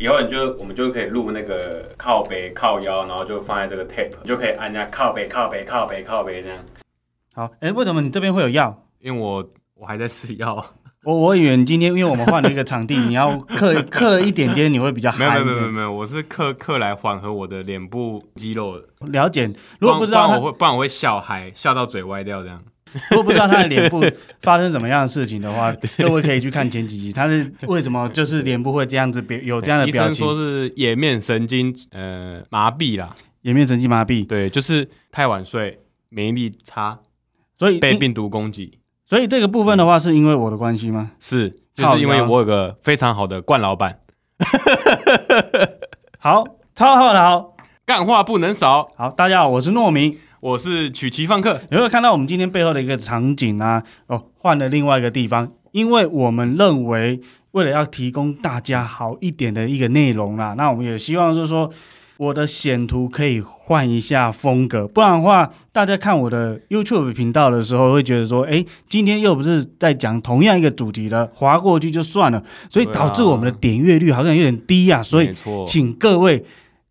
以後你就我們就可以錄那個靠北、靠腰，然後就放在這個 tape，你就可以按一下靠北、靠北、靠北、靠北這樣。好，哎、欸，為什麼你這邊會有藥？因為我我還在吃藥。我我以為你今天因為我們換了一個場地， 你要刻刻一點點，你會比較嗨。沒有沒有沒有沒有，我是刻刻來緩和我的臉部肌肉。了解。如果不知道不然，不然我會不然我會笑嗨，笑到嘴歪掉這樣。如果不知道他的臉部發生什麼樣的事情的話， 各位可以去看前幾集。他是為什麼就是臉部會這樣子，有這樣的表情？醫生說是顏面神經呃麻痹啦，顏面神經麻痺。對，就是太晚睡，免疫力差，所以被病毒攻擊。所以這個部分的話，是因為我的關係嗎、嗯？是，就是因為我有個非常好的冠老闆。 好，超好，好，幹話不能少。好，大家好，我是糯米。我是曲奇放客，有沒有看到我們今天背後的一個場景啊？哦，換了另外一個地方，因為我們認為為了要提供大家好一點的一個內容啦、啊，那我們也希望就是說我的選圖可以換一下風格，不然的話，大家看我的 YouTube 頻道的時候會覺得說，哎、欸，今天又不是在講同樣一個主題的，劃過去就算了，所以導致我們的點閱率好像有點低呀、啊。啊、所以，請各位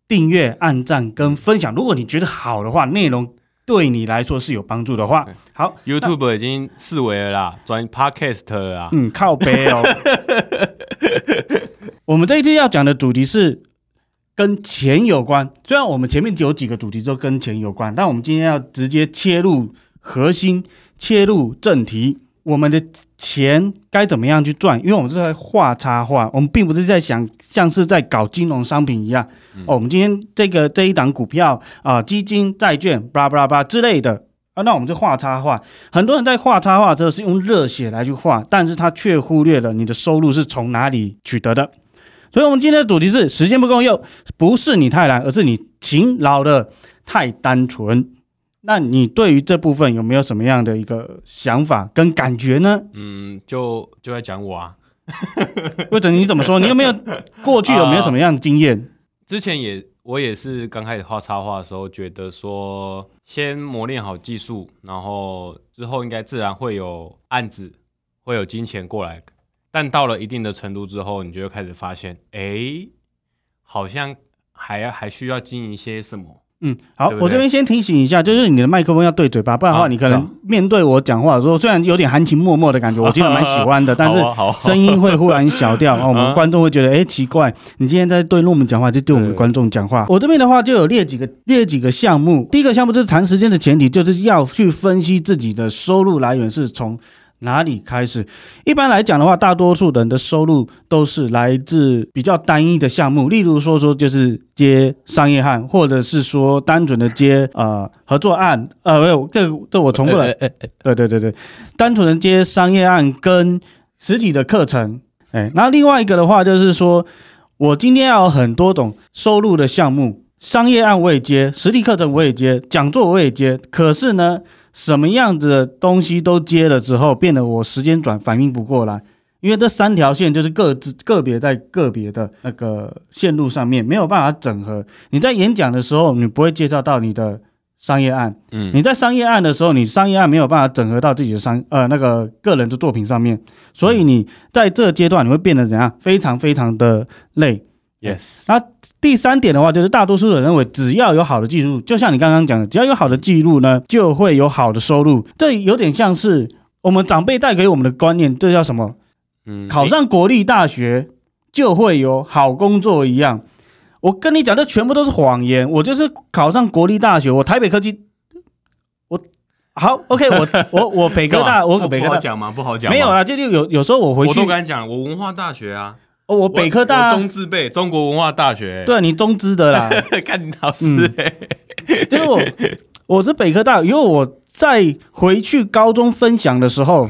訂閱、按讚跟分享，如果你覺得好的話，內容。對你來說是有幫助的話，okay, 好，YouTube 那已經式微了啦，轉 Podcast 了啦。嗯，靠北哦。 我們這一次要講的主題是跟錢有關，雖然我們前面有幾個主題都跟錢有關，但我們今天要直接切入核心，切入正題。我們的錢該怎麼樣去賺？因為我們是在畫插畫，我們並不是在想像是在搞金融商品一樣、嗯哦、我們今天這個這一檔股票啊、呃、基金、債券、blah blah blah 之類的啊，那我們就畫插畫。很多人在畫插畫的時候是用熱血來去畫，但是他卻忽略了你的收入是從哪裡取得的。所以，我們今天的主題是：時間不夠用，不是你太懶，而是你勤勞的太單純。那你對於這部分有沒有什麼樣的一個想法跟感覺呢？嗯，就就在講我啊，或 者 你怎麼說？你有沒有過去有沒有什麼樣的經驗？呃，之前也我也是剛開始畫插畫的時候，覺得說先磨練好技術，然後之後應該自然會有案子，會有金錢過來。但到了一定的程度之後，你就會開始發現，哎、欸，好像還還需要經營些什麼。嗯，好，對對，我這邊先提醒一下，就是你的麥克風要對嘴巴，不然的話，你可能面對我講話的時候，雖然有點含情脈脈的感覺，我其實蠻喜歡的，但是聲音會忽然小掉，然後、 哦、我們觀眾會覺得，哎，奇怪，你今天在對諾米講話，就對我們觀眾講話。對我這邊的話就有列幾個，列幾個項目。第一個項目就是長時間的前提，就是要去分析自己的收入來源是從哪裡開始？一般來講的話，大多數人的收入都是來自比較單一的項目，例如說說就是接商業案，或者是說單純的接啊、呃、合作案。呃，沒有，這這我重複了。對、欸欸欸、對對對，單純的接商業案跟實體的課程。誒、欸，那另外一個的話就是說，我今天要有很多種收入的項目，商業案我也接，實體課程我也接，講座我也接。可是呢，什麼樣子的東西都接了之後，變得我時間轉反應不過來，因為這三條線就是各自個別在個別的那個線路上面沒有辦法整合。你在演講的時候，你不會介紹到你的商業案。嗯。你在商業案的時候，你商業案沒有辦法整合到自己的商呃那個個人的作品上面，所以你在這個階段你會變得怎樣？非常非常的累。Yes，、嗯、那第三點的話，就是大多數人認為只要有好的記錄，就像你剛剛講的，只要有好的記錄呢，就會有好的收入。這有點像是我們長輩帶給我們的觀念，這叫什麼？嗯，欸、考上國立大學就會有好工作一樣。我跟你講，這全部都是謊言。我就是考上國立大學，我台北科技，我好 OK，我 我我北科大，我北科大講嗎？不好講。沒有啦，就就有有時候我回去，我都敢講，我文化大學啊。哦，我北科大，中字輩中國文化大學、欸，對，你中字的啦， 看你老師、欸，因我、嗯、我是北科大，因為我在回去高中分享的時候，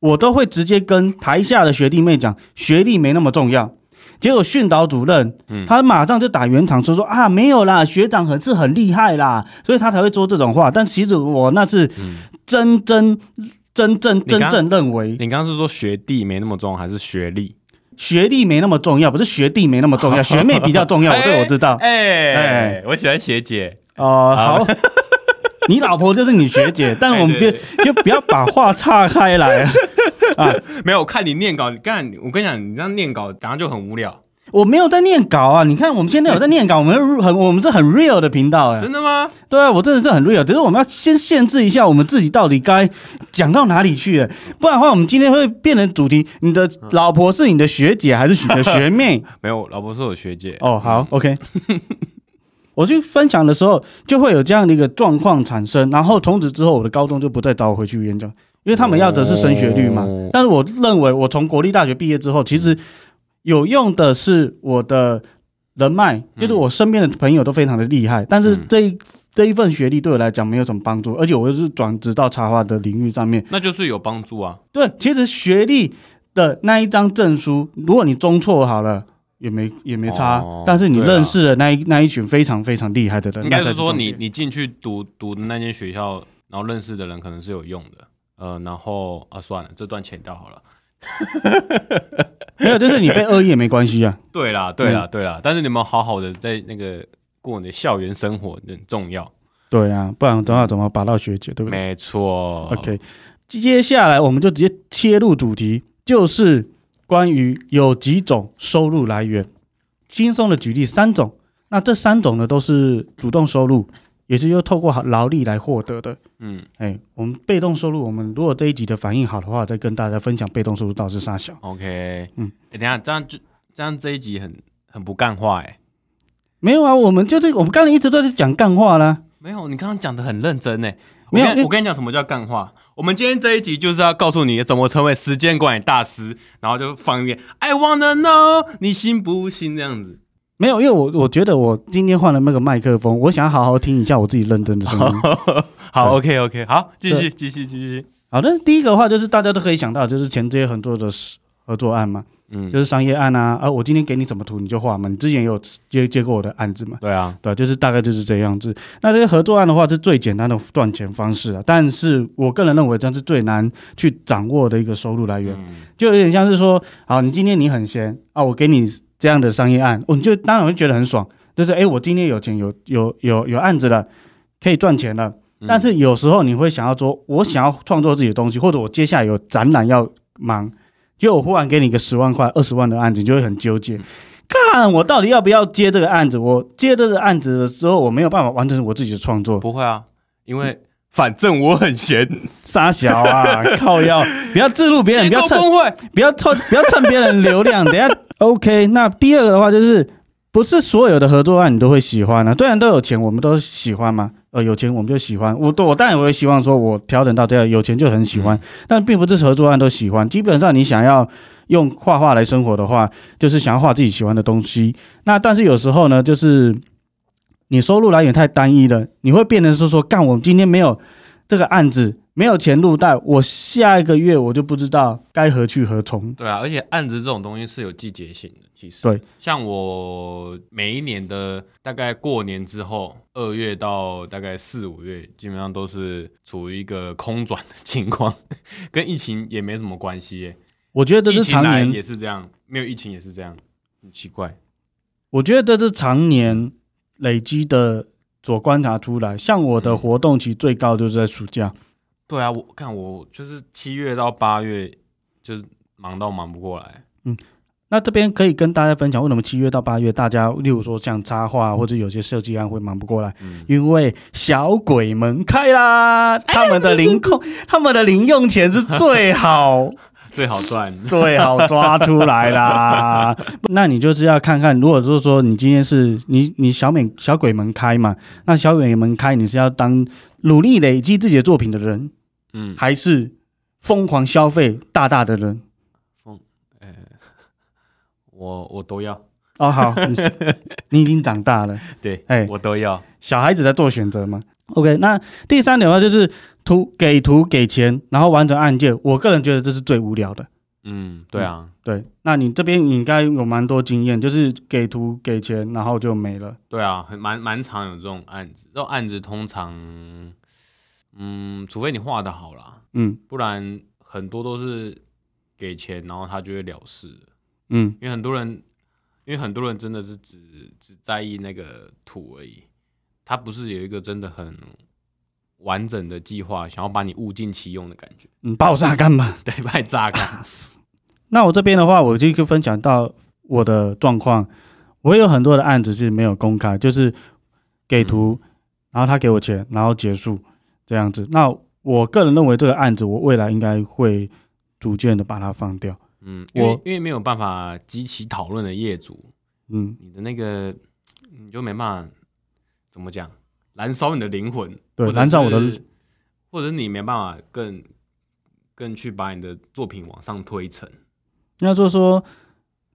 我都會直接跟台下的學弟妹講，學歷沒那麼重要。結果訓導主任，他馬上就打圓場說說、嗯、啊，沒有啦，學長很是很厲害啦，所以他才會說這種話。但其實我那是真真、嗯、真正真，真正認為，你剛剛是說學弟沒那麼重要，還是學歷？學歷沒那麼重要，不是學弟沒那麼重要，學妹比較重要。對，我知道。哎哎，我喜歡學姐。哦，好，你老婆就是你學姐，但我們別就不要把話岔開來。啊，沒有，我看你念稿，你剛才我跟你講，你這樣念稿，等一下就很無聊。我沒有在念稿啊！你看，我們現在有在念稿，我們很，我們是很 real 的頻道哎、欸。真的嗎？對啊，我真的是很 real，只是我們要先限制一下我們自己到底該講到哪裡去、欸，不然的話，我們今天會變成主題：你的老婆是你的學姐還是你的學妹？嗯、 沒有，老婆是我學姐哦。Oh, 好，OK。 我去分享的時候就會有這樣的一個狀況產生，然後從此之後，我的高中就不再找我回去演講，因為他們要的是升學率嘛。嗯、但是我認為，我從國立大學畢業之後，其實。有用的是我的人脈，就是我身邊的朋友都非常的厲害，嗯、但是這一、嗯、這一份學歷對我來講沒有什麼幫助，而且我又是轉職到插畫的領域上面，那就是有幫助啊。對，其實學歷的那一張證書，如果你中錯好了，也沒也沒差，哦、但是你認識的那一、啊、那一群非常非常厲害的人，應該是說你你進去讀讀的那間學校，然後認識的人可能是有用的。呃，然後啊，算了，這段剪掉好了。 沒有，就是你被惡意也沒關係啊 對。對啦，對啦，對啦。但是你們好好的在那個過你的校園生活，很重要。對啊，不然的話怎麼把到學姐對不對？沒錯錯。OK，接下來我們就直接切入主題，就是關於有幾種收入來源。輕鬆的舉例三種，那這三種呢都是主動收入。 也就是就透過勞力來獲得的，嗯，哎、欸，我們被動收入，我們如果這一集的反應好的話，再跟大家分享被動收入到是殺小，OK，嗯，哎、欸，等一下這樣就這樣這一集很很不幹話、欸，哎，沒有啊，我們就這、是，我們剛才一直都在講幹話啦，沒有，你剛剛講的很認真呢、欸，沒有，欸、我跟你講什麼叫幹話，我們今天這一集就是要告訴你怎麼成為時間管理大師，然後就放一遍 I want to know 你信不信這樣子。沒有，因為我我覺得我今天換了那個麥克風，我想好好聽一下我自己認真的聲音。好，OK，OK， 好，繼對、okay, okay, 續，繼對續，繼續。好的，但是第一個的話就是大家都可以想到，就是前這些很多的合作案嘛，嗯，就是商業案啊，啊，我今天給你什麼圖你就畫嘛，你之前也有接接過我的案子嘛，對啊，對，就是大概就是這樣子。那這些合作案的話，是最簡單的賺錢方式啊，但是我個人認為這樣是最難去掌握的一個收入來源，嗯、就有點像是說，好，你今天你很閒啊，我給你。這樣的商業案，我就當然會覺得很爽，就是誒、欸，我今天有錢，有有有有案子了，可以賺錢了。但是有時候你會想要做，我想要創作自己的東西，或者我接下來有展覽要忙，就我忽然給你個十萬塊、二十萬的案子，你就會很糾結。看我到底要不要接這個案子？我接這個案子的時候，我沒有辦法完成我自己的創作。不會啊，因為。嗯反正我很閒，殺小啊， 靠腰要，要，要，不要置入別人，不要蹭壞，不要蹭，不要蹭別人流量。 等下，OK。那第二個的話就是，不是所有的合作案你都會喜歡呢、啊？雖然都有錢，我們都喜歡嘛。呃，有錢我們就喜歡。我我當然我也會希望說我調整到這樣，有錢就很喜歡，嗯、但並不是合作案都喜歡。基本上你想要用畫畫來生活的話，就是想要畫自己喜歡的東西。那但是有時候呢，就是。你收入來源太單一了，你會變成說說幹，我今天沒有這個案子，沒有錢入袋，我下一個月我就不知道該何去何從。對啊，而且案子這種東西是有季節性的，其實對，像我每一年的大概過年之後，二月到大概四五月，基本上都是處於一個空轉的情況， 跟疫情也沒什麼關係、欸。我覺得這是常年也是這樣，沒有疫情也是這樣，很奇怪。我覺得這是常年。累積的所觀察出來，像我的活動其實最高就是在暑假。嗯、對啊，我看我就是七月到八月，就是忙到忙不過來。嗯，那這邊可以跟大家分享為什麼七月到八月大家，例如說像插畫或者有些設計案會忙不過來，嗯、因為小鬼門開啦，他們的零控、哎、呀他們的零用錢是最好。 最好賺， 最好抓出來啦。那你就是要看看，如果就是說你今天是你你小美小鬼門開嘛？那小鬼門開，你是要當努力累積自己的作品的人，嗯，還是瘋狂消費大大的人？瘋、嗯，呃、欸，我我都要 哦。好你，你已經長大了，對，哎、欸，我都要小。小孩子在做選擇嘛。OK，那第三點的話就是圖給圖給錢，然後完成案件。我個人覺得這是最無聊的。嗯，對啊、嗯，對。那你這邊應該有蠻多經驗，就是給圖給錢，然後就沒了。對啊，很蠻蠻常有這種案子，這種案子通常，嗯，除非你畫的好啦，嗯，不然很多都是給錢，然後他就會了事了。嗯，因為很多人，因為很多人真的是只只在意那個圖而已。他不是有一個真的很完整的計劃，想要把你物盡其用的感覺。嗯，把我炸乾嘛？對，把你炸乾、啊。那我這邊的話，我就就分享到我的狀況。我有很多的案子是沒有公開，就是給圖，嗯、然後他給我錢，然後結束這樣子。那我個人認為這個案子，我未來應該會逐漸的把它放掉。嗯，因我因為沒有辦法激起討論的業主，嗯，你的那個你就沒辦法。怎麼講？燃燒你的靈魂，對，燃燒我的，或者你沒辦法更更去把你的作品往上推層，那就是說，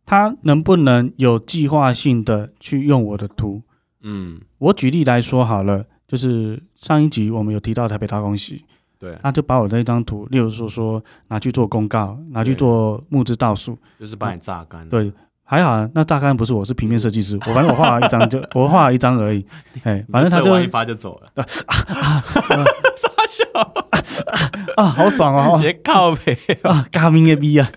他能不能有計劃性的去用我的圖？嗯，我舉例來說好了，就是上一集我們有提到台北大空襲，對，他、啊、就把我那一張圖，例如說說拿去做公告，拿去做募資倒數，就是把你榨乾了、嗯，對。還好，那大概不是我是平面設計師，我反正我畫了一張就我畫了一張而已，哎，反正他就一發就走了，啊哈哈，傻笑啊，好爽哦，別靠北，啊，嘎命的逼啊，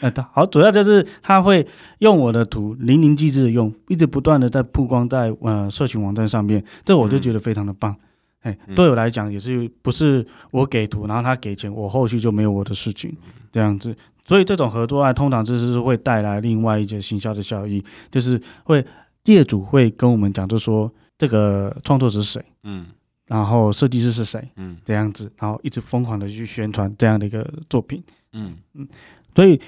哈哈，好，主要就是他會用我的圖，淋漓盡致的用，一直不斷的在曝光在社群網站上面，這我就覺得非常的棒，哎，對我來講也是不是我給圖，然後他給錢，我後續就沒有我的事情，這樣子。所以這種合作案，通常就是會帶來另外一些行銷的效益，就是會業主會跟我們講，就說這個創作者是誰，嗯，然後設計師是誰，嗯，這樣子，然後一直瘋狂的去宣傳這樣的一個作品，嗯嗯。所以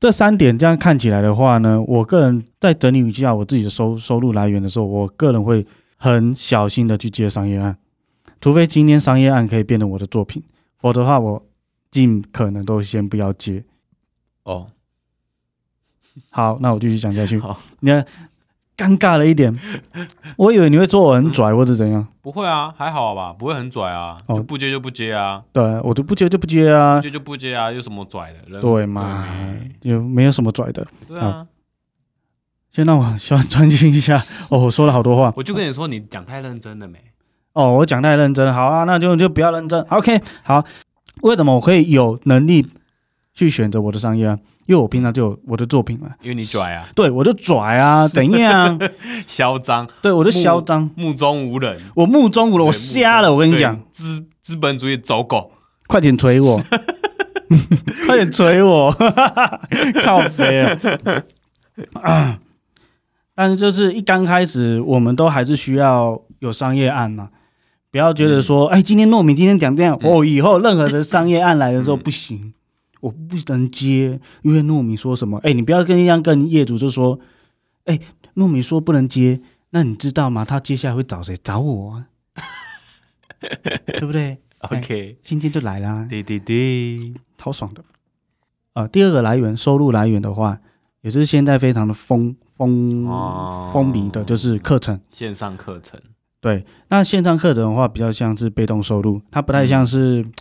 這三點這樣看起來的話呢，我個人在整理一下我自己的收收入來源的時候，我個人會很小心的去接商業案，除非今天商業案可以變成我的作品，否則的話，我盡可能都先不要接。哦，oh. 好，那我繼續講下去。 好， 你看，尷尬了一點，我以為你會說我很拽、 嗯、或者怎樣。不會啊，還好吧，不會很拽啊。哦，就不接就不接啊。對，我就不接就不接啊，不接就不接啊，有什麼拽的？對嘛，有、欸、沒有什麼拽的？對啊，先讓我先專心一下。哦，我說了好多話， 我就跟你說，你講太認真了沒？哦，我講太認真了，好啊，那就就不要認真。OK，好，為什麼我可以有能力？去選擇我的商業案，因為我平常就有我的作品嘛。因為你拽啊，對我就拽啊，等一下啊，囂張，對我就囂張，目中無人，我目中無人，我瞎了，我跟你講，資資本主義走狗，快點錘我，快點錘我，靠，誰啊？但是就是一剛開始，我們都還是需要有商業案嘛，不要覺得說，哎，今天諾米今天講這樣，哦，以後任何的商業案來的時候不行。我不能接，因為諾米說什麼？哎、欸，你不要跟一樣跟業主就說，哎、欸，諾米說不能接，那你知道嗎？他接下來會找誰？找我、啊， 對不對？OK，今天、哎、就來啦。對對對，超爽的、呃。第二個來源，收入來源的話，也是現在非常的瘋瘋瘋靡的，就是課程，線上課程。對，那線上課程的話，比較像是被動收入，它不太像是、嗯。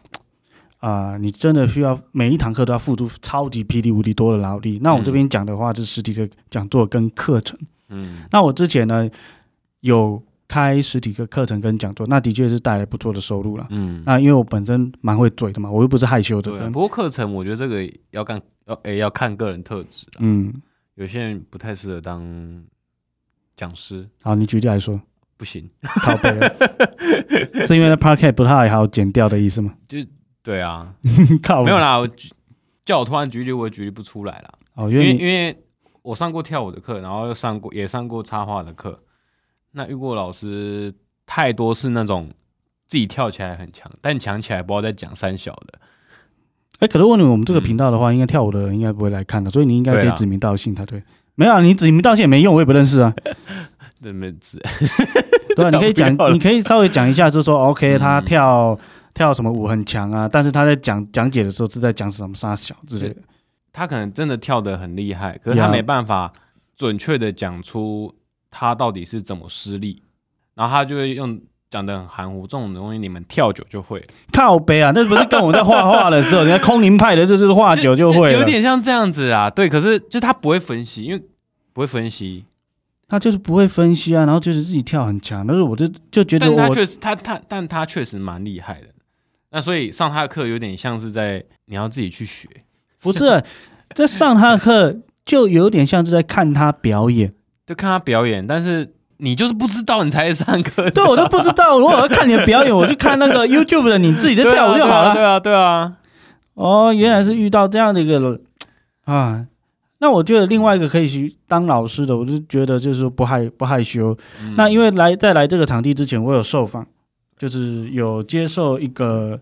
啊、呃，你真的需要每一堂課都要付出超級霹靂無敵多的勞力。嗯、那我們這邊講的話是實體的講座跟課程。嗯，那我之前呢有開實體的課程跟講座，那的確是帶來不錯的收入了。嗯，那因為我本身蠻會嘴的嘛，我又不是害羞的人。對，不過課程我覺得這個要看，要誒、欸、要看個人特質。嗯，有些人不太適合當講師。好，你舉例來說，不行，靠北了， 是因為 Parket 不太好剪掉的意思嗎？就。對啊，沒有啦我，叫我突然舉例，我也舉例不出來了。哦，因為因為我上過跳舞的課，然後又上過也上過插畫的課，那遇過老師太多是那種自己跳起來很強，但強起來不要再講三小的。哦。哎、欸，可是問你我們這個頻道的話，應該跳舞的人應該不會來看的，所以你應該可以指名道姓他。對，沒有、啊，你指名道姓也沒用，我也不認識啊。沒指。對、啊，你可以講，你可以稍微講一下就是，就說 OK，他跳。跳什麼舞很強啊！但是他在講講解的時候是在講什麼沙小之類的。他可能真的跳得很厲害，可是他沒辦法準確的講出他到底是怎麼失利，Yeah. 然後他就會用講的很含糊。這種東西你們跳久就會。靠北啊！那不是跟我們在畫 畫的時候，人家空靈派的，就是畫久就會。就就有點像這樣子啊，對。可是就他不會分析，因為不會分析，他就是不會分析啊。然後就是自己跳很強，但是我就就覺得，但他確實，他他，但他確實蠻厲害的。那所以上他的課有點像是在你要自己去學，不是？這上他的課就有點像是在看他表演， 就看他表演，但是你就是不知道你才會上課，對，我都不知道。 如果我要看你的表演，我去看那個 YouTube 的你自己在跳舞就好了對、啊。對啊，對啊。哦、啊，oh, 原來是遇到這樣的一個了、嗯、啊。那我覺得另外一個可以去當老師的，我就覺得就是說不害不害羞。嗯、那因為來在來這個場地之前，我有受訪。就是有接受一個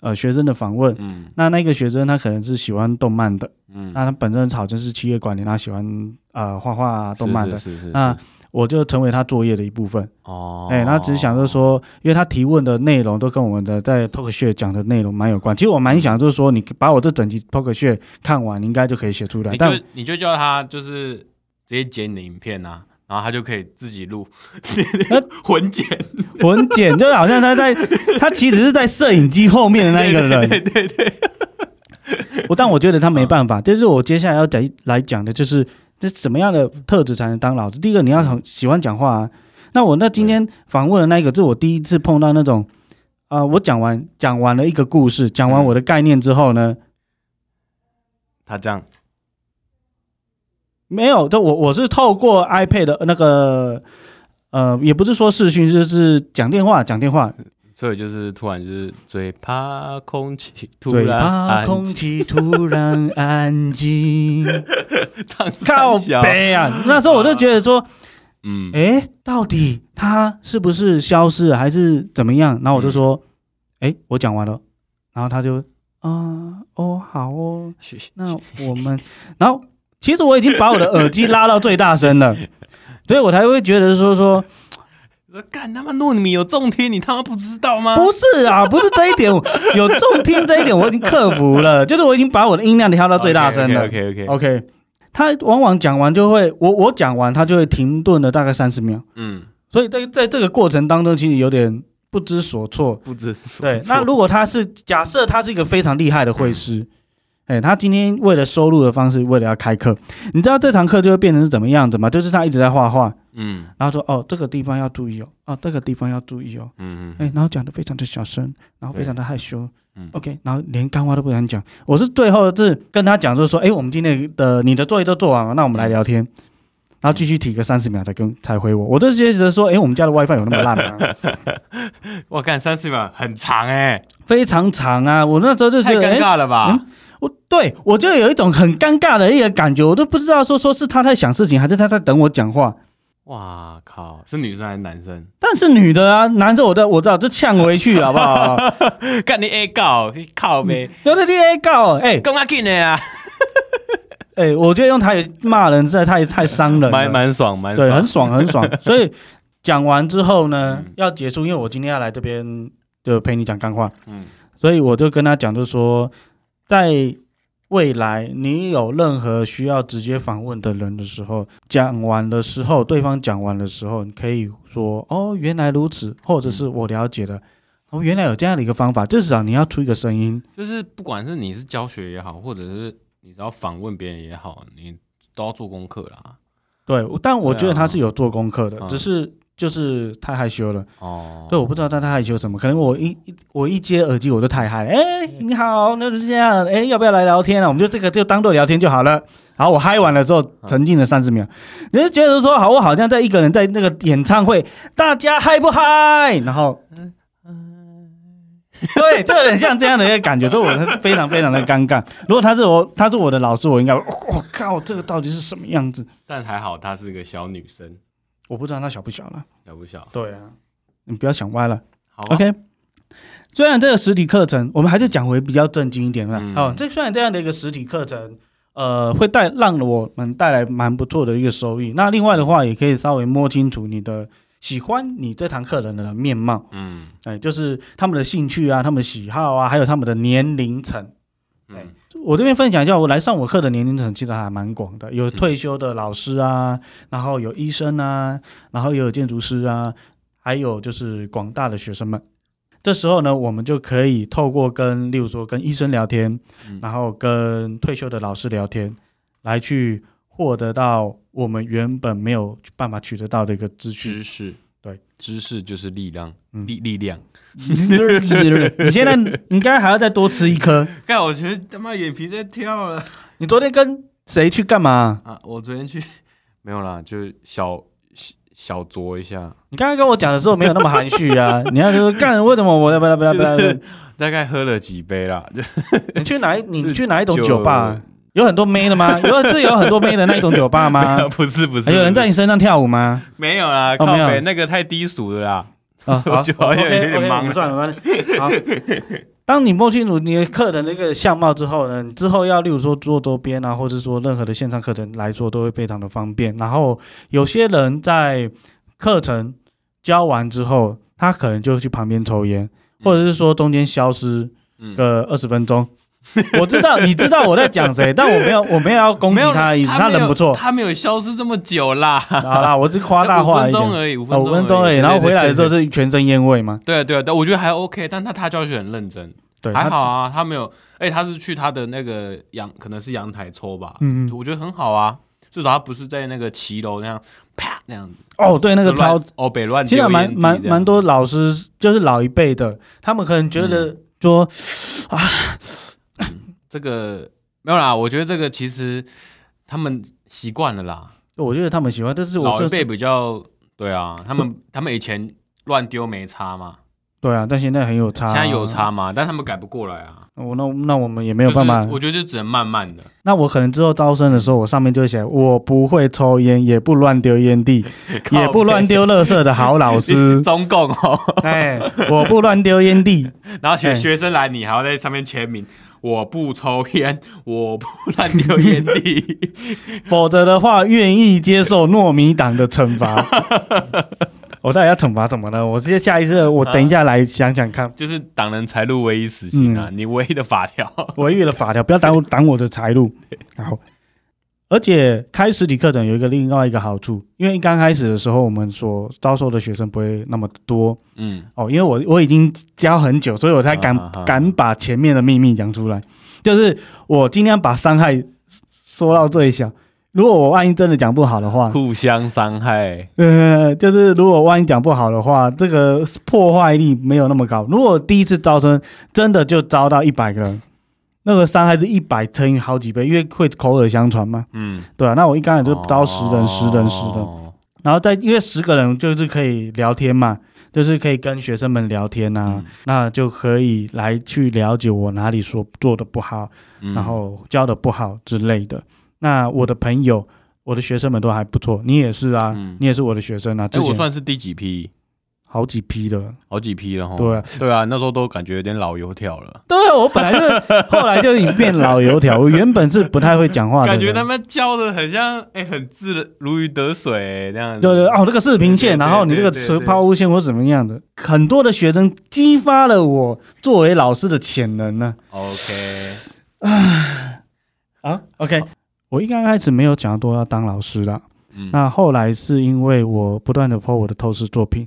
呃，學生的訪問，嗯、那那個學生他可能是喜歡動漫的，嗯、那他本身好像是企業管理，他喜歡、呃、畫畫啊，畫畫動漫的，那我就成為他作業的一部分哦。哎、欸，那只是想着說，哦、因為他提問的內容都跟我們的在《Talk Show》講的內容蠻有關，其實我蠻想就是說，你把我這整集《Talk Show》看完，你應該就可以寫出來。你就但你就叫他就是直接剪你的影片啊。然後他就可以自己錄 ，混剪， 混剪就好像他在，他其實是在攝影機後面的那一個人。對對對，對。我但我覺得他沒辦法。就、嗯、是我接下來要講來講的，就是這什麼樣的特質才能當老師？第一個，你要很喜歡講話、啊。那我那今天訪問的那一個，對 是我第一次碰到那種，啊、呃，我講完講完了一個故事，講完我的概念之後呢，嗯、他這樣。沒有，我我是透過 iPad 的那個，呃，也不是說視訊，就是講電話講電話，電話，所以就是突然就是最怕空氣，突然空氣突然安靜，靠北啊！那時候我就覺得說，啊、嗯，哎、欸，到底他是不是消失了還是怎麼樣？然後我就說，哎、嗯欸，我講完了，然後他就啊、呃，哦，好哦， 那我們 然後。其實我已經把我的耳機拉到最大聲了，所以我才會覺得說說我幹他媽！諾米你有重聽你他媽不知道嗎？不是啊，不是這一點有重聽這一點，我已經克服了，就是我已經把我的音量調到最大聲了。OK OK OK。他往往講完就會，我我講完他就會停頓了大概三十秒。嗯，所以在在這個過程當中，其實有點不知所措。不知所措。對，那如果他是假設他是一個非常厲害的會師。哎、欸，他今天為了收入的方式，為了要開課，你知道這堂課就會變成是怎麼樣子嗎？就是他一直在畫畫，嗯，然後說哦，這個地方要注意哦，哦，這個地方要注意哦，嗯嗯，哎、欸，然後講的非常的小聲，然後非常的害羞，嗯，OK，然後連幹話都不敢講。我是最後就是跟他講就是說，哎、欸，我們今天的你的作業都做完了，那我們來聊天，嗯、然後繼續提個三十秒才跟才回我，我都直接覺得說，哎、欸，我們家的 WiFi 有那麼爛嗎，啊？ 我看三十秒很長，哎、欸，非常長啊，我那時候就覺得太尷尬了吧。欸嗯我對，我就有一種很尷尬的一個感覺，我都不知道說說是他在想事情，還是他在等我講話。哇靠，是女生還是男生？但是女的啊，男生我都我知道就嗆回去好不好？ 幹你 A 告，靠沒有的你 A 告，哎，更加緊的啊。哎、欸欸，我覺得用台語罵人實在太太傷人，蠻蠻爽，蠻對，很爽很爽。 所以講完之後呢，嗯、要結束，因為我今天要來這邊就陪你講幹話，嗯，所以我就跟他講，就是說。在未來，你有任何需要直接訪問的人的時候，講完的時候，對方講完的時候，你可以說：“哦，原來如此，或者是我了解的，嗯、哦，原來有這樣的一個方法。”至少你要出一個聲音，就是不管是你是教學也好，或者是你只要訪問別人也好，你都要做功課啦。對，但我覺得他是有做功課的，嗯、只是。就是太害羞了哦，對，我不知道他太害羞什麼，可能我一我一接耳機我就太嗨了，哎、欸，你好，那就是這樣，哎、欸，要不要來聊天啊，我們就這個就當作聊天就好了。好，我嗨完了之後沉浸了三十秒，嗯、你就覺得說，好，我好像在一個人在那個演唱會，大家嗨不嗨？然後，嗯嗯，嗯 對，就有點像這樣的一個感覺，所以 我非常非常的尷尬。 如果他是我，他是我的老師，我應該，我、哦、靠，這個到底是什麼樣子？但還好，她是個小女生。我不知道他小不小了，小不小？對啊，你不要想歪了。好吧，OK。雖然這個實體課程，我們還是講回比較正經一點吧。好、嗯，這、哦、雖然這樣的一個實體課程，呃，會帶讓我們帶來蠻不錯的一個收益。那另外的話，也可以稍微摸清楚你的喜歡你這堂課程的面貌。嗯，哎，就是他們的興趣啊，他們喜好啊，還有他們的年齡層。嗯、我這邊分享一下，我來上我課的年齡層其實還蠻廣的，有退休的老師啊，然後有醫生啊，然後也有建築師啊，還有就是廣大的學生們。這時候呢，我們就可以透過跟，例如說跟醫生聊天，嗯、然後跟退休的老師聊天，來去獲得到我們原本沒有辦法取得到的一個資訊。知識就是力量，力力量。 你現在你應該還要再多吃一顆？幹，我覺得他媽眼皮在跳了。你昨天跟誰去幹嘛？啊，我昨天去沒有啦，就小小酌一下。你剛剛跟我講的時候沒有那麼含蓄啊！ 你要說幹，為什麼我？我要大概喝了幾杯啦。就你去哪一？你去哪一種酒吧？有很多妹的嗎？有這有很多妹的那一種酒吧嗎？ 不是不是、哎。有人在你身上跳舞嗎？沒有啦，哦、靠北，那個太低俗了啦。啊、哦，好有點忙，OK o、OK, 好，當你摸清楚你的客人那個相貌之後呢，之後要例如說做周邊啊，或者說任何的線上課程來說，都會非常的方便。然後有些人在課程教完之後，他可能就去旁邊抽菸，或者是說中間消失個二十分鐘。嗯我知道你知道我在講誰，但我沒有我沒有要攻擊他的意思，他人不錯。他沒有消失這麼久啦。好啦，我只誇大話，五分鐘而已，五分鐘而已。然後回來的時候是全身菸味嗎？對對對，我覺得還 OK。但他他教學很認真，對，還好啊，他沒有。哎，他是去他的那個陽，可能是陽台抽吧。嗯嗯，我覺得很好啊，至少他不是在那個騎樓那樣啪那樣子。哦，對，那個超哦北亂。其實蠻蠻蠻多老師，就是老一輩的，他們可能覺得說啊。這個沒有啦，我覺得這個其實他們習慣了啦。我覺得他們習慣，這是老一輩比較，對啊。他們 他們以前亂丟沒差嘛，對啊，但現在很有差，啊，現在有差嘛，但他們改不過來啊。我，哦，那那我們也沒有辦法，就是，我覺得就只能慢慢的。那我可能之後招生的時候，我上面就會寫：我不會抽煙，也不亂丟煙蒂，靠北。也不亂丟垃圾的好老師。中共哦，呵呵哎，我不亂丟煙蒂，然後學，哎，學生來，你還要在上面簽名。我不抽煙，我不亂丟煙蒂， 否則的話，願意接受諾米黨的懲罰， 嗯。我到底要懲罰什麼呢？我直接下一次，我等一下來想想看。啊，就是擋人財路唯一死刑啊！嗯，你唯一的法條，唯一的法條，不要擋我，擋我的財路。對好。而且開實體課程有一個另外一個好處，因為一剛開始的時候，我們所招收的學生不會那麼多，嗯，哦，因為我我已經教很久，所以我才敢、啊、哈敢把前面的秘密講出來，就是我盡量把傷害說到最小。如果我萬一真的講不好的話，互相傷害，呃，就是如果萬一講不好的話，這個破壞力沒有那麼高。如果第一次招生真的就招到一百個人，那個傷害是一百乘以好幾倍，因為會口耳相傳嘛。嗯，對啊。那我一開始就是招十人，哦、十人，十人，然後再因為十個人就是可以聊天嘛，就是可以跟學生們聊天啊，嗯、那就可以來去了解我哪裡所做的不好，嗯、然後教的不好之類的。那我的朋友，我的學生們都還不錯，你也是啊，嗯、你也是我的學生啊。這、欸、我算是第幾批？好幾,的好幾批了，好幾批了哈。對 對啊，那時候都感覺有點老油條了。對，我本來就，後來就已經變老油條。 我原本是不太會講話的，感覺他們教得很像，哎、欸，很自如魚得水這樣子。對對,對,對,對,對,對對，哦，這個視頻線，然後你這個拋物線或怎麼樣的，很多的學生激發了我作為老師的潛能呢 Okay.、啊。OK，啊，啊，OK，我一剛開始沒有講多要當老師了，嗯、那後來是因為我不斷的破我的透視作品。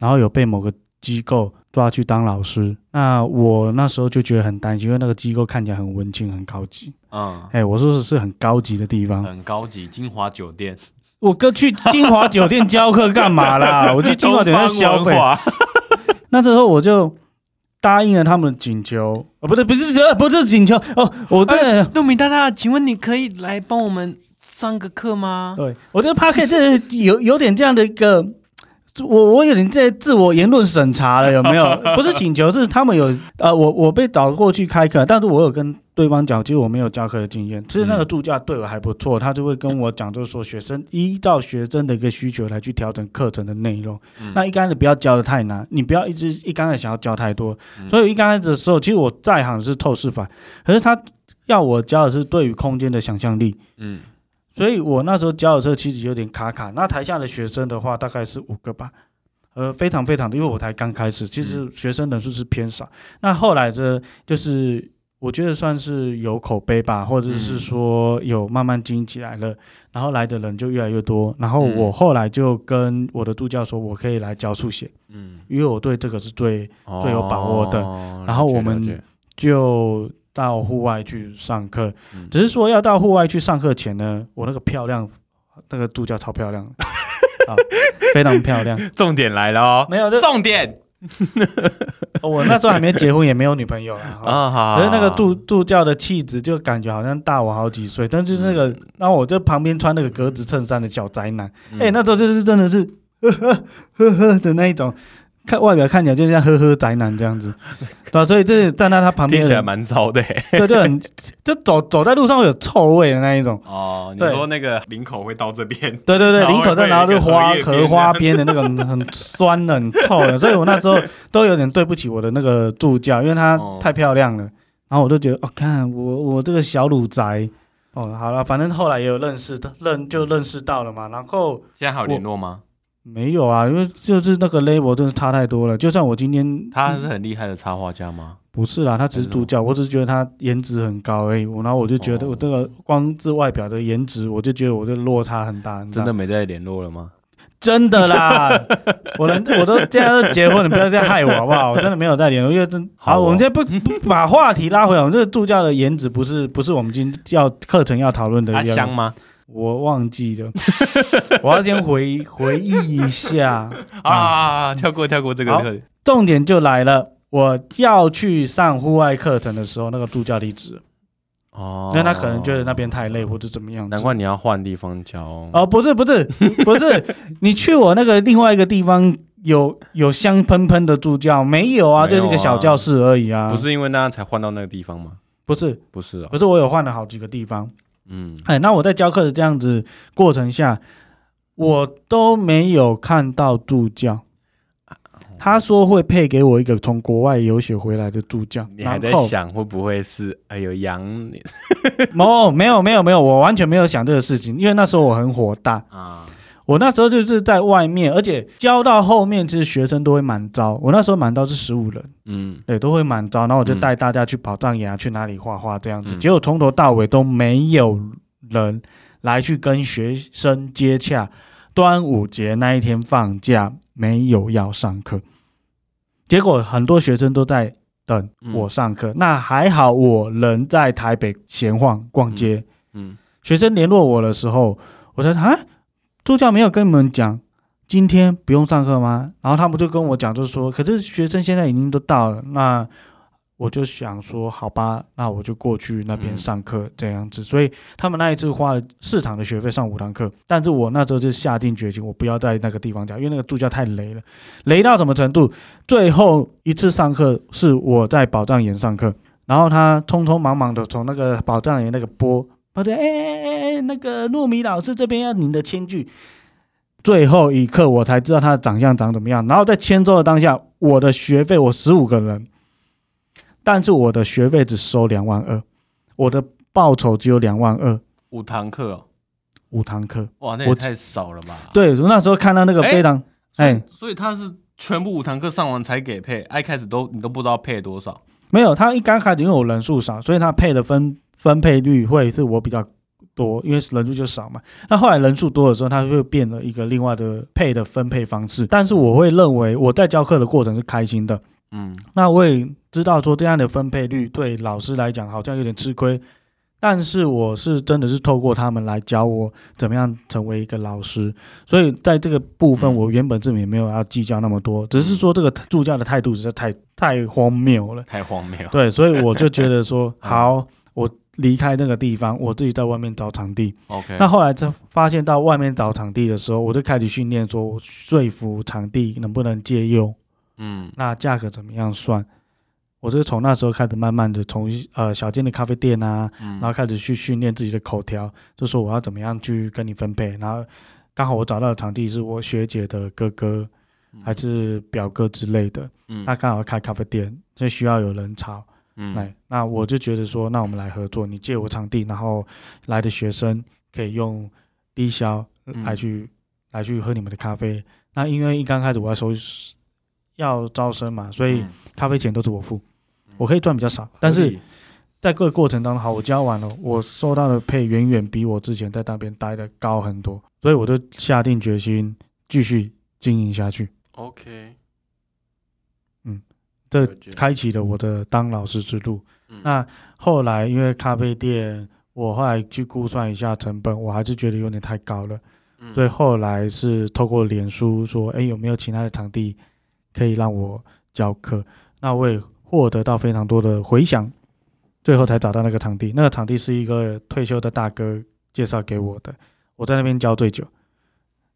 然後有被某個機構抓去當老師，那我那時候就覺得很擔心，因為那個機構看起來很文靜、很高級。啊、嗯，哎，我說是，是是很高級的地方，很高級，金華酒店。我哥去金華酒店教課幹嘛啦？ 我去金華酒店消費。 那時候我就答應了他們的請求。 哦，不對，不是求，不是請求。哦，我對諾米大大，請問你可以來幫我們上個課嗎？對，我覺得 Park 有有，有點這樣的一個。我我有點在自我言論審查了，有沒有？不是請求，是他們有呃，我我被找過去開課，但是我有跟對方講，其實我沒有教課的經驗。其實那個助教對我還不錯，他就會跟我講，就是說學生依照學生的一個需求來去調整課程的內容。嗯、那一開始不要教得太難，你不要一直一剛開始想要教太多。所以一開始的時候，其實我在行的是透視法，可是他要我教的是對於空間的想象力。嗯。所以，我那時候教的時候，其實有點卡卡。那台下的學生的話，大概是五個吧，呃，非常非常的，因為我才剛開始，其實學生人數是偏少。嗯、那後來呢？就是我覺得算是有口碑吧，或者是說有慢慢經營起來了，嗯、然後來的人就越來越多。然後我後來就跟我的助教說，我可以來教數學，嗯，因為我對這個是最、哦、最有把握的。然後我們就、哦。到戶外去上課，只是說要到戶外去上課前呢，我那個漂亮，那個助教超漂亮，非常漂亮。重點來了哦，沒有，重點。我那時候還沒結婚，也沒有女朋友啊。啊好，可是那個助助教的氣質就感覺好像大我好幾歲，但就是那個，然後我就旁邊穿那個格子襯衫的小宅男，哎，那時候就是真的是呵呵呵呵呵的那一種。看外表看起來就像呵呵宅男這樣子，對吧？所以這站在他旁邊也蠻騷的，對，就很就走走在路上會有臭味的那一種哦。你說那個領口會到這邊？對對對，對，領口再拿個花殼花邊的那種很酸的、很臭的。所以我那時候都有點對不起我的那個助教，因為她太漂亮了。然後我就覺得哦，看我我這個小魯宅哦，好了，反正後來也有認識的認，就認就認識到了嘛。然後現在還有聯絡嗎？沒有啊，因為就是那個 label 真的差太多了。就算我今天，他是很厲害的插畫家嗎？嗯、不是啦，他只是助教。我只是覺得他顏值很高而已。我然後我就覺得，我這個光是外表的顏值，oh. 我就覺得我這個落差很大，很大。真的沒再聯絡了嗎？真的啦， 我能，我都現在都結婚了，你不要再害我好不好？我真的沒有再聯絡，因為真好、哦啊。我們今天不，不把話題拉回來，我們這個助教的顏值不是不是我們今天要課程要討論的樣。香嗎？我忘記了， 我要先回 回憶一下啊，啊！跳過跳過這個、哦，重點就來了。我要去上戶外課程的時候，那個助教離職哦，那他可能覺得那邊太累或者怎麼樣。難怪你要換地方教哦！不是不是不是，不是 你去我那個另外一個地方有有香噴噴的助教沒有啊？有啊，就是個小教室而已啊！不是因為那樣才換到那個地方嗎？不是不是，不是，啊、不是我有換了好幾個地方。嗯，哎、欸，那我在教課的這樣子過程下，我都沒有看到助教，他說會配給我一個從國外遊學回來的助教，你還在想會不會是哎呦洋？沒， 沒有，沒有，沒有，我完全沒有想這個事情，因為那時候我很火大啊。嗯。我那時候就是在外面，而且教到後面，其實學生都會滿招。我那時候滿招是十五人，嗯，對，都會滿招。然後我就帶大家去寶藏巖，嗯、去哪裡畫畫這樣子。結果從頭到尾都沒有人來去跟學生接洽。端午節那一天放假，沒有要上課，結果很多學生都在等我上課。嗯、那還好，我人在台北閒晃逛街。嗯，嗯學生聯絡我的時候，我說啊。助教沒有跟你們講今天不用上課嗎？然後他們就跟我講，就是說可是學生現在已經都到了。那我就想說，好吧，那我就過去那邊上課這樣子。嗯、所以他們那一次花了四堂的學費上五堂課。但是我那時候就下定決心，我不要在那個地方教，因為那個助教太雷了，雷到什麼程度？最後一次上課是我在寶藏巖上課，然後他匆匆忙忙的從那個寶藏巖那個坡，他的哎哎哎。那個諾米老師這邊要您的簽據，最後一刻我才知道他的長相長怎麼樣。然後在簽收的當下，我的學費我十五個人，但是我的學費只收兩萬二，我的報酬只有兩萬二，五堂課，哦，五堂課，哇，那也太少了吧？對，我那時候看到那個非常，哎，所以他是全部五堂課上完才給配，一開始都你都不知道配多少，沒有，他一剛開始因為我人數少，所以他配的分分配率會是我比較。多，因為人數就少嘛。那後來人數多的時候，它又變了一個另外的配的分配方式。但是我會認為我在教課的過程是開心的，嗯。那我也知道說這樣的分配率對老師來講好像有點吃虧，但是我是真的是透過他們來教我怎麼樣成為一個老師。所以在這個部分，嗯、我原本自己也沒有要計較那麼多，只是說這個助教的態度實在太太荒謬了，太荒謬了。對，所以我就覺得說 好，好我。離開那個地方，我自己在外面找場地。OK，那後來就發現到外面找場地的時候，我就開始訓練，說說服場地能不能借用？嗯，那價格怎麼樣算？我是從那時候開始，慢慢的從呃小間的咖啡店啊，嗯、然後開始去訓練自己的口條，就說我要怎麼樣去跟你分配。然後剛好我找到的場地是我學姐的哥哥，還是表哥之類的，嗯、他剛好開咖啡店，所以需要有人潮嗯、來，那我就覺得說，那我們來合作，你借我場地，然後來的學生可以用低消來去、嗯、來去喝你們的咖啡。那因為一剛開始我要收要招生嘛，所以咖啡錢都是我付，我可以賺比較少，嗯、但是在各個過程當中，好，我教完了，我收到的 pay 遠遠比我之前在那邊待得高很多，所以我就下定決心繼續經營下去。OK。這開啟了我的當老師之路。嗯、那後來因為咖啡店，我後來去估算一下成本，我還是覺得有點太高了，嗯、所以後來是透過臉書說，誒，有沒有其他的場地可以讓我教課？那我也獲得到非常多的回響，最後才找到那個場地。那個場地是一個退休的大哥介紹給我的，我在那邊教最久。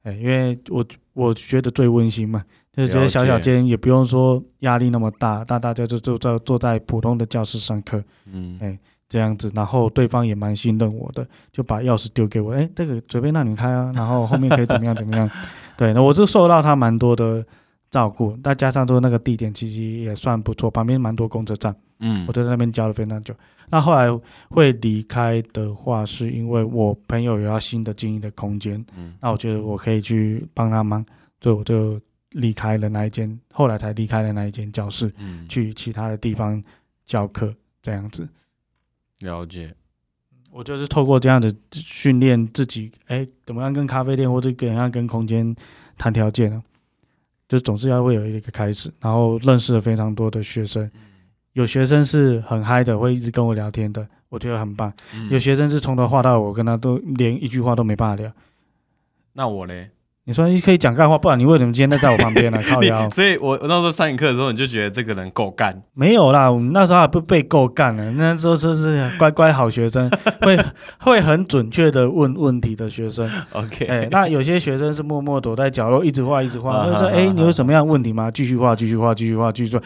哎、欸，因為我我覺得最溫馨嘛，解就是覺得小小間也不用說壓力那麼大，大大家就坐坐坐在普通的教室上課，嗯，哎、欸，這樣子，然後對方也蠻信任我的，就把鑰匙丟給我，哎、欸，這個隨便讓你開啊，然後後面可以怎麼樣怎麼樣， 對，那我就受到他蠻多的。照顧，那加上說那個地點其實也算不錯，旁邊蠻多公車站，嗯，我就在那邊教了非常久。那後來會離開的話，是因為我朋友有要新的經營的空間，嗯，那我覺得我可以去幫他忙，所以我就離開了那一間，後來才離開了那一間教室，嗯，去其他的地方教課，這樣子。了解，我就是透過這樣子訓練自己，誒，怎麼樣跟咖啡店或者怎樣跟空間談條件呢、啊？就總是要會有一個開始，然後認識了非常多的學生，嗯、有學生是很嗨的，會一直跟我聊天的，我覺得很棒。嗯、有學生是從頭畫到尾，我跟他都連一句話都沒辦法聊。那我嘞？你說你可以講幹話，不然你為什麼今天在在我旁邊呢、啊？靠腰。 所以我我那時候上你課的時候，你就覺得這個人夠幹。沒有啦，我們那時候還不被夠幹呢。那時候是乖乖好學生， 會會很準確的問問題的學生。OK，、欸、那有些學生是默默躲在角落，一直畫一直畫。他、uh huh. 說：“哎、欸，你有什麼樣的問題嗎？繼、uh huh. 續畫，繼續畫，繼續畫，繼續說。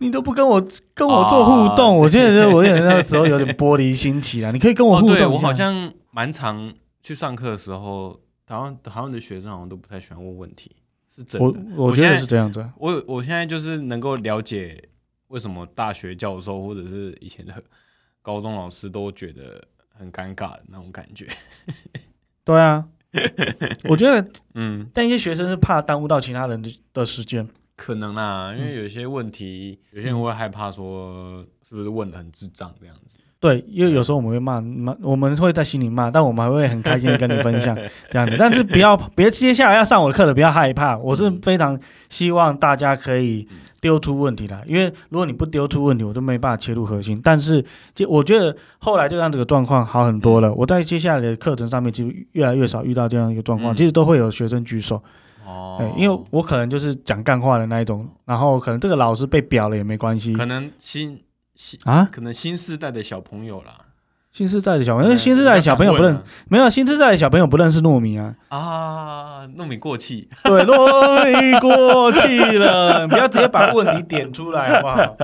你都不跟我跟我做互動，uh huh. 我覺得我有點那時候有點玻璃心起來。Uh huh. 你可以跟我互動、oh, 對。我好像蠻常去上課的時候。好像好像你的學生好像都不太喜歡問問題，是真的。我我覺得是這樣子。我現我，我現在就是能夠了解為什麼大學教授或者是以前的高中老師都覺得很尷尬的那種感覺。 對啊， 我覺得，嗯，但一些學生是怕耽誤到其他人的時間。可能啦，因為有些問題，嗯、有些人會害怕說是不是問的很智障這樣子。對，因為有時候我們會罵罵，嗯、我們會在心裡罵，但我們還會很開心跟你分享 這樣子。但是不要，別接下來要上我的課了，不要害怕。我是非常希望大家可以丟出問題來，嗯、因為如果你不丟出問題，我就沒辦法切入核心。但是，就我覺得後來就讓這個狀況好很多了。嗯、我在接下來的課程上面，就越來越少遇到這樣一個狀況，嗯、其實都會有學生舉手。哦、嗯，因為我可能就是講幹話的那一種，然後可能這個老師被表了也沒關係。可能心啊，可能新世代的小朋友啦，新世代的小朋，那新世代小朋友不認，沒有新世代的小朋友不認識糯米啊，啊，糯米過氣，對，糯米過氣了，你不要直接把問題點出來好不好？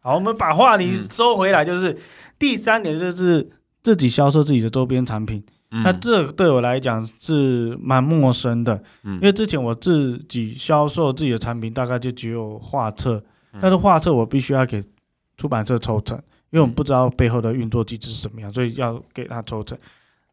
好，我們把話題收回來，就是第三點，就是自己銷售自己的周邊產品。那這對我來講是蠻陌生的，因為之前我自己銷售自己的產品，大概就只有畫冊，但是畫冊我必須要給。出版社抽成，因為我們不知道背後的運作機制是什麼樣，嗯、所以要給他抽成。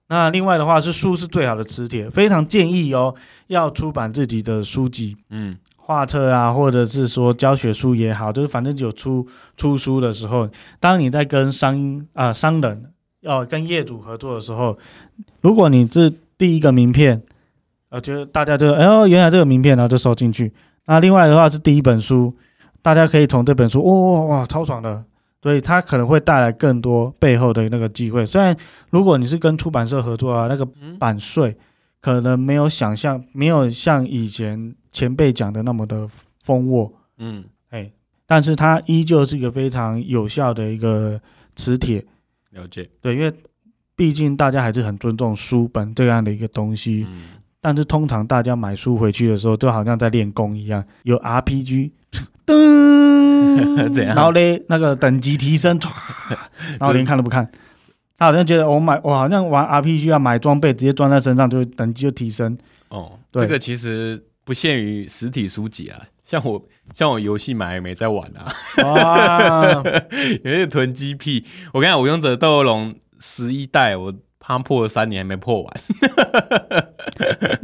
那另外的話是書是最好的磁鐵，非常建議哦，要出版自己的書籍，嗯，畫冊啊，或者是說教學書也好，就是反正有出出書的時候，當你在跟商啊、呃、商人，哦、呃、跟業主合作的時候，如果你是第一個名片，啊、呃，就大家就，哦、哎、原來這個名片，然後就收進去。那另外的話是第一本書。大家可以從這本書，哇、哦、哇哇，超爽的！所以它可能會帶來更多背後的那個機會。雖然如果你是跟出版社合作啊，那個版稅可能沒有想象沒有像以前前輩講的那麼的豐沃。嗯，哎、欸，但是它依舊是一個非常有效的一個磁鐵。了解，對，因為畢竟大家還是很尊重書本這樣的一個東西。嗯、但是通常大家買書回去的時候，就好像在練功一樣，有 RPG。噔，然後嘞，那個等級提升，然後連看都不看，他好像覺得我買，我好像玩 RPG 啊，買裝備，直接裝在身上就等級就提升。哦，這個其實不限於實體書籍啊，像我像我遊戲買也沒在玩啊哇， 有點囤 GP。我跟你講，我用者鬥龍十一代，我它破了三年沒破完，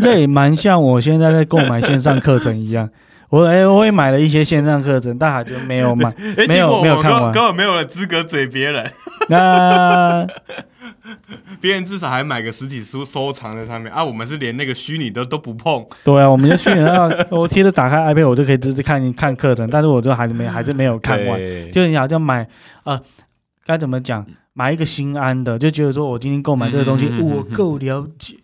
這也蠻像我現在在購買線上課程一樣。我哎、欸，我也買了一些線上課程，但還是沒有買。欸、沒有，結果我沒有看完。根本沒有了資格嘴別人。那 別、啊、人至少還買個實體書收藏在上面啊。我們是連那個虛擬都都不碰。對啊，我們的虛擬後我其實打開 iPad，我就可以直接看看課程。但是我就還是沒，還是沒有看完。對就你好，像買啊，該、呃、怎麼講？買一個心安的，就覺得說我今天購買這個東西，嗯嗯嗯嗯嗯我夠了解。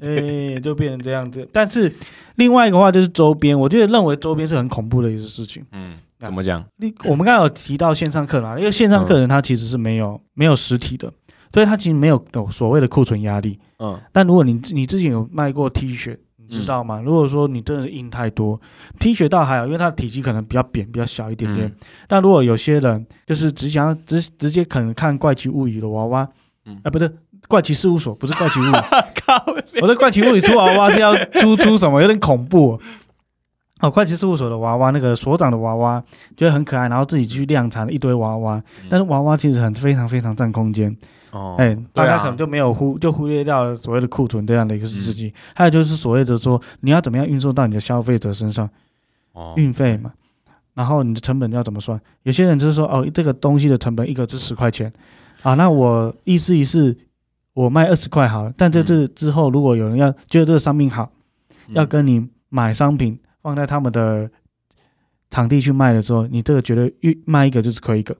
哎 對、欸，就變成這樣子。但是另外一個話就是周邊，我覺得認為周邊是很恐怖的一個事情。嗯，怎麼講？啊、對我們剛才有提到線上課嘛、啊，因為線上課程它其實是沒有、嗯、沒有實體的，所以它其實沒有所謂的庫存壓力。嗯，但如果你你之前有賣過 T 恤，你知道嗎？嗯、如果說你真的是印太多、嗯、T 恤倒還好，因為它的體積可能比較扁，比較小一點點、嗯。但如果有些人就是只想要直直接可能看怪奇物語的娃娃，嗯，啊，不對，怪奇事務所不是怪奇物語。 我在怪奇物語出娃娃是要出出什麼？有點恐怖哦。哦，怪奇事務所的娃娃，那個所長的娃娃，覺得很可愛，然後自己去量產了一堆娃娃。嗯、但是娃娃其實很非常非常占空間。哦，哎、欸，大家可能就沒有忽、啊、就忽略掉所謂的庫存這樣的一個事情。嗯、還有就是所謂的說，你要怎麼樣運送到你的消費者身上？哦，運費嘛，嗯、然後你的成本要怎麼算？有些人就是說，哦，這個東西的成本一個是十塊錢，啊，那我意思意思。我賣二十塊好了，但就是之後如果有人要覺得這個商品好，嗯、要跟你買商品放在他們的場地去賣的時候，你這個絕對賣一個就是虧一個。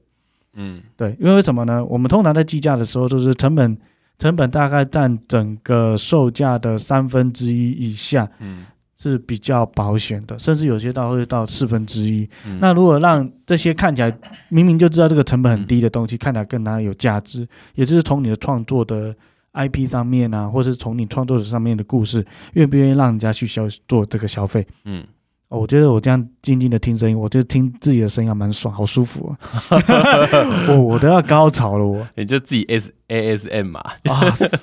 嗯，對，因為為什麼呢？我們通常在計價的時候，就是成本成本大概佔整個售價的三分之一以下。嗯。是比較保險的，甚至有些到會到四分之一。嗯、那如果讓這些看起來明明就知道這個成本很低的東西，嗯、看起來更加有價值，也就是從你的創作的 IP 上面啊，或是從你創作者上面的故事，願不願意讓人家去消做這個消費？嗯、哦，我覺得我這樣靜靜的聽聲音，我就聽自己的聲音還蠻爽，好舒服 哦。我都要高潮了我，我你就自己 S A S M 嘛，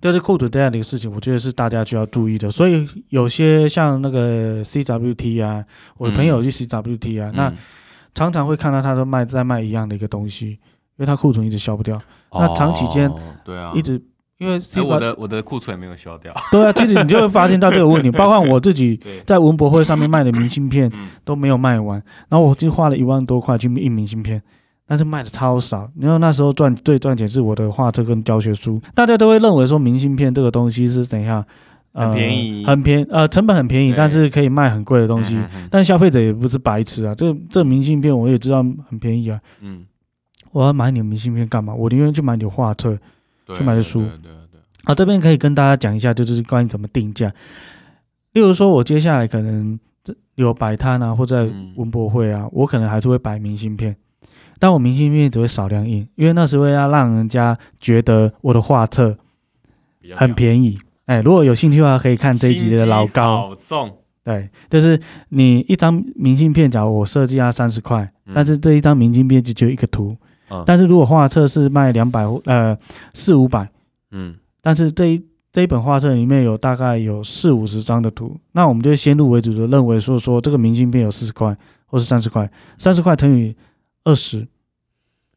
就是庫存這樣的一個事情，我覺得是大家需要注意的。所以有些像那個 CWT 啊，我的朋友就是 CWT 啊，嗯、那常常會看到他都賣在賣一樣的一個東西，因為他庫存一直消不掉。哦、那長期間、哦，對啊，一直因為 CWT，呃、我的我的庫存沒有消掉。對啊，其實你就會發現到這個問題。 包括我自己在文博會上面賣的明信片都沒有賣完，然後我就花了一萬多塊去印明信片。但是賣的超少，因為那時候賺最賺錢是我的畫冊跟教學書，大家都會認為說明信片這個東西是怎樣、呃、很便宜，很便宜呃成本很便宜，對但是可以賣很貴的東西。嗯、但消費者也不是白痴啊，這這明信片我也知道很便宜啊，嗯，我要買你的明信片幹嘛？我寧願去買你的畫冊，對去買你書。好、啊，這邊可以跟大家講一下，就是關於怎麼定價。例如說，我接下來可能有擺攤啊，或者在文博會啊，嗯、我可能還是會擺明信片。但我明信片只會少量印，因為那時候要讓人家覺得我的畫冊很便宜。哎、欸，如果有興趣的話，可以看這一集的老高老重。對，就是你一張明信片，假如我設計要三十塊，嗯、但是這一張明信片就只有一個圖。嗯、但是如果畫冊是賣兩百呃四五百，500, 嗯，但是這一這一本畫冊裡面有大概有四五十張的圖，那我們就先入為主的認為，說說這個明信片有四十塊或是三十塊，三十塊乘以。二十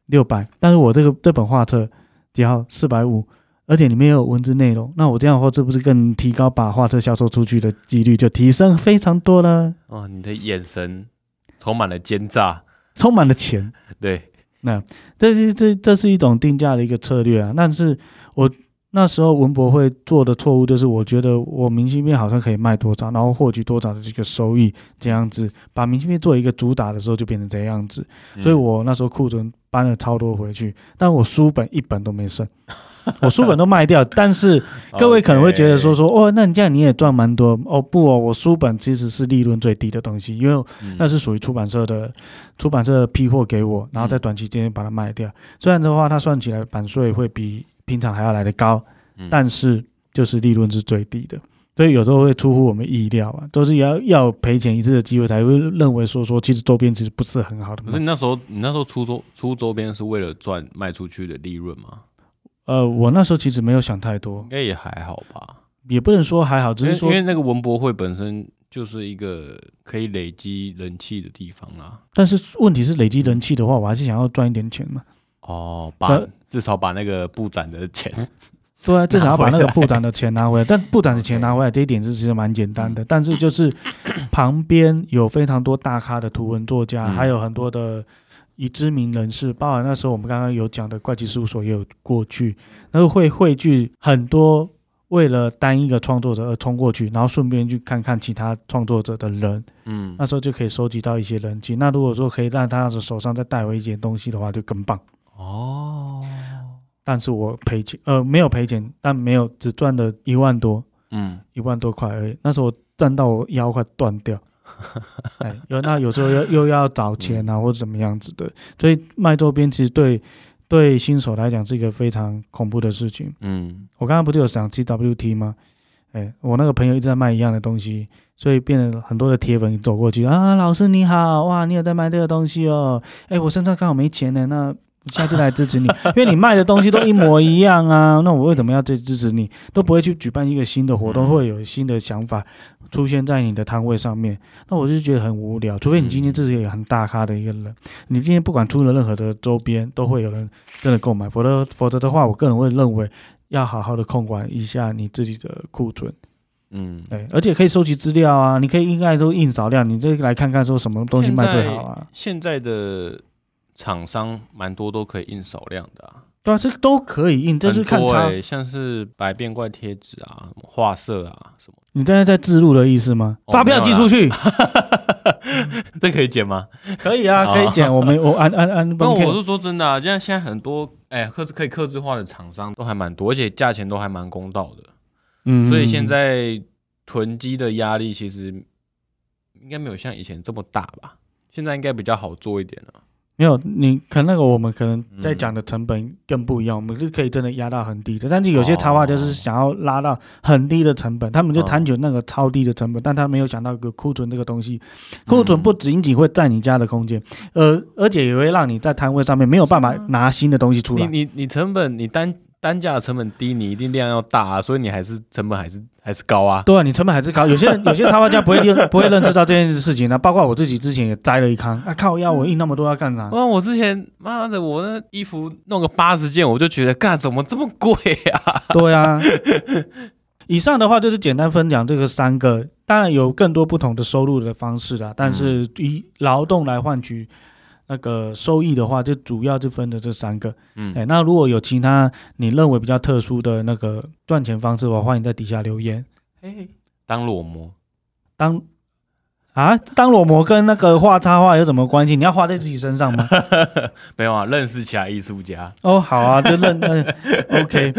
六百，20, 600, 但是我這個這本畫冊只要四百五，而且裡面也有文字內容，那我這樣的話，是不是更提高把畫冊銷售出去的幾率，就提升非常多呢？哦，你的眼神充滿了奸詐，充滿了錢。對，那、嗯、這是這這是一種定價的一個策略啊。但是我。那時候文博會做的錯誤就是，我覺得我明信片好像可以賣多少，然後獲取多少的這個收益，這樣子把明信片做一個主打的時候就變成這樣子。所以我那時候庫存搬了超多回去，但我書本一本都沒剩，我書本都賣掉。但是各位可能會覺得說說哦，那你這樣你也賺蠻多哦。不哦，我書本其實是利潤最低的東西，因為那是屬於出版社的，出版社的批貨給我，然後在短期間把它賣掉。雖然的話，它算起來版稅會比。平常還要來得高，但是就是利潤是最低的，嗯、所以有時候會出乎我們意料啊，都是要要賠錢一次的機會才會認為說說，其實周邊其實不是很好的。可是你那時候你那時候出周出周邊是為了賺賣出去的利潤嗎？呃，我那時候其實沒有想太多，應該也還好吧，也不能說還好，只是說因為，因為那個文博會本身就是一個可以累積人氣的地方啊。但是問題是累積人氣的話，嗯、我還是想要賺一點錢嘛。哦，八。那至少把那個布展的錢，呵呵 回對啊，至少要把那個布展的錢拿回來。 但布展的錢拿回來，這一點是其實蠻簡單的。嗯、但是就是旁邊有非常多大咖的圖文作家，嗯、還有很多的以知名人士，包含那時候我們剛剛有講的怪奇事務所也有過去，那個會匯聚很多為了單一的創作者而衝過去，然後順便去看看其他創作者的人，嗯，那時候就可以收集到一些人氣。那如果說可以讓他的手上再帶回一些東西的話，就更棒哦。但是我賠錢，呃，沒有賠錢，但沒有只賺了一萬多，嗯，一萬多塊而已。那時候我站到我腰快斷掉， 哎，有那有時候又又要找錢啊，嗯、或者怎麼樣子的。所以賣周邊其實對對新手來講是一個非常恐怖的事情。嗯，我剛剛不是有講 GWT 嗎？哎，我那個朋友一直在賣一樣的東西，所以變得很多的鐵粉走過去啊，老師你好，哇，你有在賣這個東西哦？哎，我身上剛好沒錢呢，那。下次來支持你，因為你賣的東西都一模一樣啊。那我為什麼要再支持你？都不會去舉辦一個新的活動，會有新的想法出現在你的攤位上面。那我就覺得很無聊。除非你今天自己一個很大咖的一個人，你今天不管出了任何的周邊，都會有人真的購買。否則，否則的話，我個人會認為要好好的控管一下你自己的庫存。嗯，對，而且可以收集資料啊。你可以應該都印少量，你再來看看說什麼東西賣最好啊。現，現在的。廠商蠻多都可以印少量的啊，對啊，這都可以印，這是看起來像是百變怪貼紙啊，什麼畫色啊，什麼。你現在在置入的意思嗎？發票寄出去、哦，這可以剪嗎？可以啊，可以剪。嗯、我沒我按按按。不過 我是說真的、啊，就像現在很多哎客製可以客製化的廠商都還蠻多，而且價錢都還蠻公道的，嗯，所以現在囤積的壓力其實應該沒有像以前這麼大吧？現在應該比較好做一點了、啊。沒有，你可能那個我們可能在講的成本更不一樣，嗯、我們是可以真的壓到很低的，但是有些插畫家就是想要拉到很低的成本，哦、他們就貪求那個超低的成本，哦、但他沒有想到個庫存這個東西，庫、嗯、存不僅僅會在你家的空間，而而且也會讓你在攤位上面沒有辦法拿新的東西出來。啊、你你你成本你單。單價成本低，你一定量要大啊，所以你還是成本還是還是高啊。對啊，你成本還是高。有些人有些插畫家不會認 不會認識到這件事情呢、啊。包括我自己之前也栽了一坑啊靠，靠！要我印那麼多要幹啥？啊、嗯，我之前媽的，我那衣服弄個八十件，我就覺得幹怎麼這麼貴啊？對啊。以上的話就是簡單分享這個三個，當然有更多不同的收入的方式啦，但是以勞動來換取。嗯那個收益的話，就主要就分的這三個，嗯、欸，那如果有其他你認為比較特殊的那個賺錢方式，我歡迎在底下留言。當裸模，當啊，當裸模跟那個畫插畫有什麼關係？ 你要畫在自己身上嗎？ 沒有啊，認識其他藝術家哦， oh, 好啊，就認、嗯、 ，OK。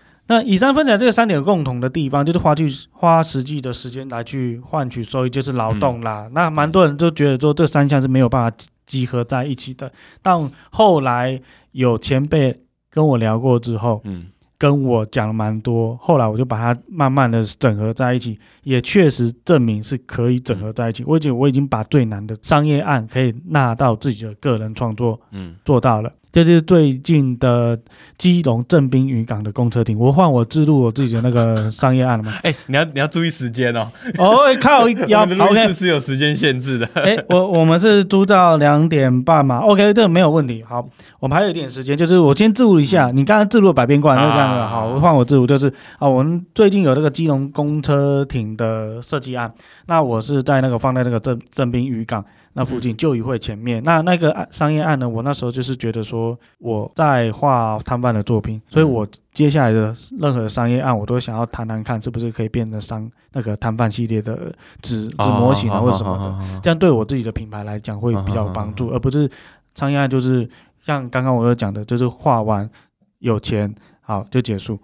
那以上分享，這三點共同的地方，就是花去花實際的時間來去換取收益，就是勞動啦。嗯、那蠻多人就覺得說這三項是沒有辦法集合在一起的，但後來有前輩跟我聊過之後，嗯，跟我講了蠻多，後來我就把它慢慢的整合在一起，也確實證明是可以整合在一起。我已經我已經把最難的商業案可以納到自己的個人創作，嗯，做到了。這就是最近的基隆正濱漁港的公車亭，我換我置入我自己的那個商業案了嗎？哎、 欸，你要你要注意時間哦。哦 ，oh, 靠一，要 好 OK 是有時間限制的。哎，欸，我我們是租到兩點半嘛？OK，這沒有問題。好，我們還有一點時間，就是我先置入一下，嗯、你剛剛置入百變怪是這樣的，那個。好，我換我置入，就是啊，我們最近有那個基隆公車亭的設計案，那我是在那個放在那個正正濱漁港。那附近舊議會前面，嗯、那那個商業案呢？我那時候就是覺得說，我在畫攤販的作品，所以我接下來的任何商業案，我都想要談談看，是不是可以變成商那個攤販系列的紙、哦、紙模型啊，或者什麼的，哦、這樣對我自己的品牌來講會比較幫助，哦、而不是商業案就是像剛剛我所講的，就是畫完有錢好就結束。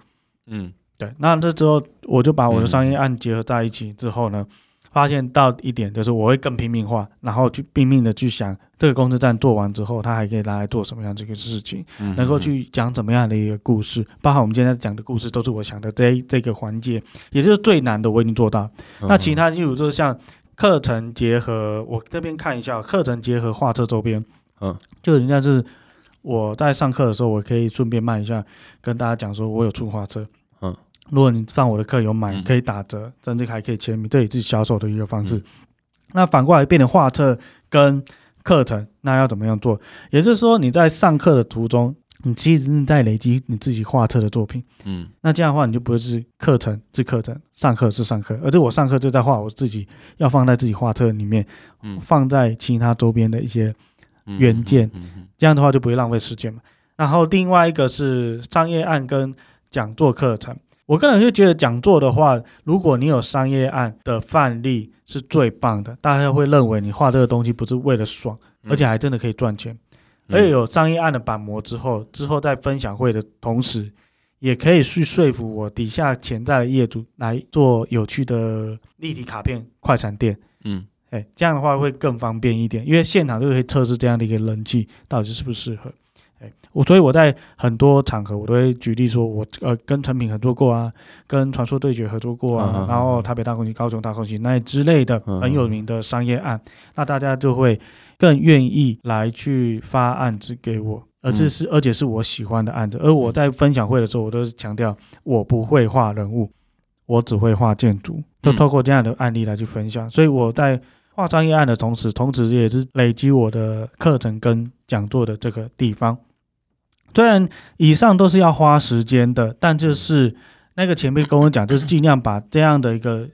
嗯，對。那這之後，我就把我的商業案結合在一起之後呢？發現到一點就是我會更拼命畫，然後去拼命的去想這個公車站做完之後，他還可以拿來做什麼樣這個事情，嗯、哼能夠去講怎麼樣的一個故事。包括我們今天在講的故事都是我想的這，這這個環節也就是最難的，我已經做到。嗯、哼那其他例如就是像課程結合，我這邊看一下課程結合畫冊周邊，嗯，就人家就是我在上課的時候，我可以順便賣一下，跟大家講說我有出畫冊。如果你上我的課有買，可以打折，甚至還可以簽名，這也是銷售的一個方式。嗯、那反過來，變成畫冊跟課程，那要怎麼樣做？也就是說，你在上課的途中，你其實是在累積你自己畫冊的作品。嗯，那這樣的話，你就不會是課程是課程，上課是上課，而且我上課就在畫我自己要放在自己畫冊裡面，嗯、放在其他周邊的一些原件，嗯、哼哼哼哼這樣的話就不會浪費時間嘛。然後另外一個是商業案跟講座課程。我個人就覺得講座的話，如果你有商業案的範例是最棒的，大家會認為你畫這個東西不是為了爽，而且還真的可以賺錢。嗯、而且有商業案的板模之後，之後在分享會的同時，也可以去說服我底下潛在的業主來做有趣的立體卡片快餐店。嗯，誒、哎，這樣的話，會更方便一點，因為現場就可以測試這樣的一個人氣到底是不是適合。我所以我在很多場合我都會舉例說我，我呃跟成品合作過啊，跟傳說對決合作過啊，啊啊啊啊然後台北大空襲、高雄大空襲那之類的很有名的商業案，啊啊那大家就會更願意來去發案子給我，而這是，是、嗯、而且是我喜歡的案子，而我在分享會的時候我都是強調我不會畫人物，我只會畫建築，就透過這樣的案例來去分享，嗯、所以我在畫商業案的同時，同時也是累積我的課程跟講座的這個地方。雖然以上都是要花時間的，但就是那個前輩跟我講，就是盡量把這樣的一個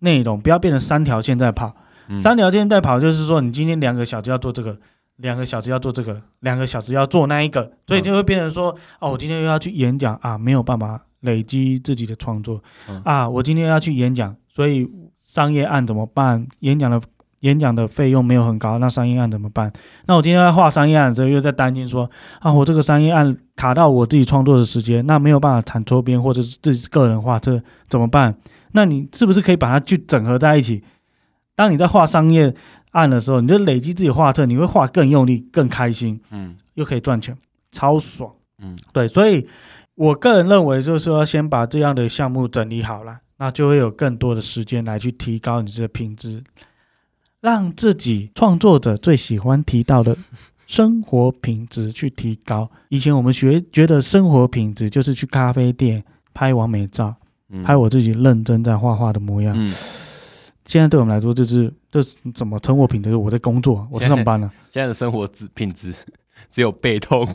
內容不要變成三條線在跑，嗯、三條線在跑就是說，你今天兩個小時要做這個，兩個小時要做這個，兩個小時要做那一個，所以就會變成說，哦、嗯啊，我今天又要去演講啊，沒有辦法累積自己的創作、嗯、啊，我今天要去演講，所以商業案怎麼辦？演講的。演講的費用沒有很高，那商業案怎麼辦？那我今天在畫商業案的時候，又在擔心說，啊，我這個商業案卡到我自己創作的時間，那沒有辦法產周邊，或者是自己個人畫冊怎麼辦？那你是不是可以把它去整合在一起？當你在畫商業案的時候，你就累積自己畫冊，你會畫更用力、更開心，嗯，又可以賺錢，超爽，嗯，對。所以我個人認為，就是說先把這樣的項目整理好了，那就會有更多的時間來去提高你這個品質。讓自己創作者最喜歡提到的生活品質去提高，以前我們學覺得生活品質就是去咖啡店拍完美照，拍我自己認真在畫畫的模樣。現在對我們來說就是，這是什麼生活品質？我在工作，我在上班呢。現在的生活品質只有背痛，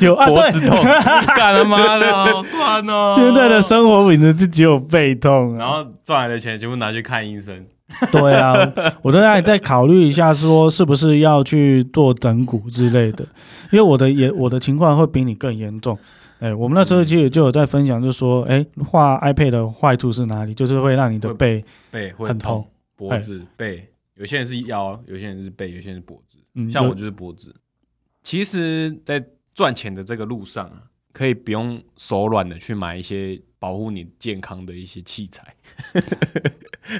有、啊、脖子痛， 你幹了嗎？好酸哦，現在的生活品質就只有背痛，啊，然後賺來的錢全部拿去看醫生。 對啊，我都在在考慮一下，說是不是要去做整骨之類的，因為我的也我的情況會比你更嚴重。哎、欸，我們那時候其實就有在分享，就是說，哎、欸，畫 iPad 的壞處是哪裡？就是會讓你的背很背很痛，脖子、欸、背。有些人是腰，有些人是背，有些人是脖子。像我就是脖子。其實，在賺錢的這個路上啊，可以不用手軟的去買一些保護你健康的一些器材。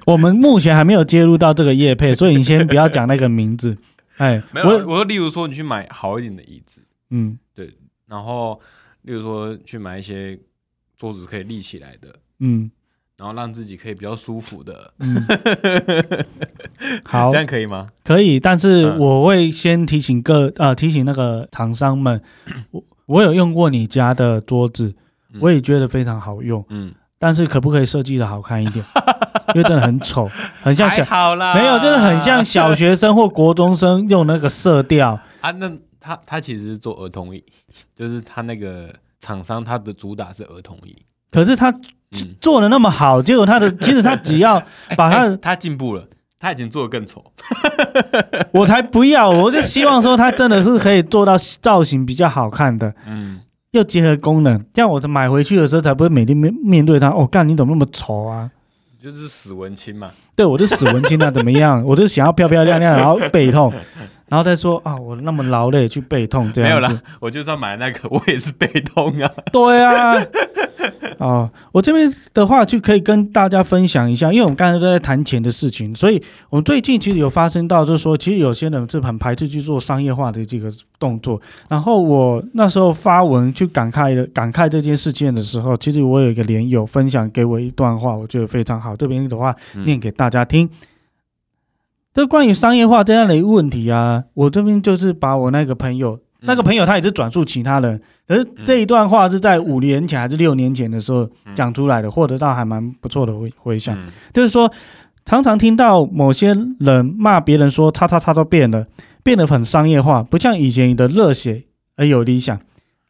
我們目前還沒有介入到這個業配，所以你先不要講那個名字。哎，我，我說，例如說，你去買好一點的椅子，嗯，對，然後，例如說，去買一些桌子可以立起來的，嗯，然後讓自己可以比較舒服的，嗯，好，這樣可以嗎？可以，但是我會先提醒個呃，提醒那個廠商們，我我有用過你家的桌子，我也覺得非常好用，嗯。但是可不可以設計的好看一點？ 因為真的很醜，很像小，沒有，就是很像小學生或國中生用那個色調 啊。那他他其實是做兒童椅，就是他那個廠商他的主打是兒童椅。可是他、嗯、做的那麼好，結果他的其實他只要把他他進步了，他已經做的更醜。 我才不要，我就希望說他真的是可以做到造型比較好看的。嗯。又結合功能，這樣我買回去的時候才不會每天面面對它。我、哦、幹，你怎麼那麼醜啊？就是死文青嘛。對，我就死文青啊， 怎麼樣？我就想要漂漂亮亮， 然後背痛，然後再說啊，我那麼勞累去背痛這樣。沒有啦，我就算買那個，我也是背痛啊。對啊。 哦，我這邊的話就可以跟大家分享一下，因為我們剛才都在談錢的事情，所以我們最近其實有發生到，就是說，其實有些人是很排斥去做商業化的這個動作。然後我那時候發文去感慨的感慨這件事情的時候，其實我有一個連友分享給我一段話，我覺得非常好。這邊的話念給大家聽，嗯、這關於商業化這樣的一個問題啊，我這邊就是把我那個朋友。那個朋友他也是轉述其他人，可是這一段話是在五年前還是六年前的時候講出來的，獲得到還蠻不錯的回回響，嗯，就是說，常常聽到某些人罵別人說“叉叉叉”都變了，變得很商業化，不像以前的熱血而有理想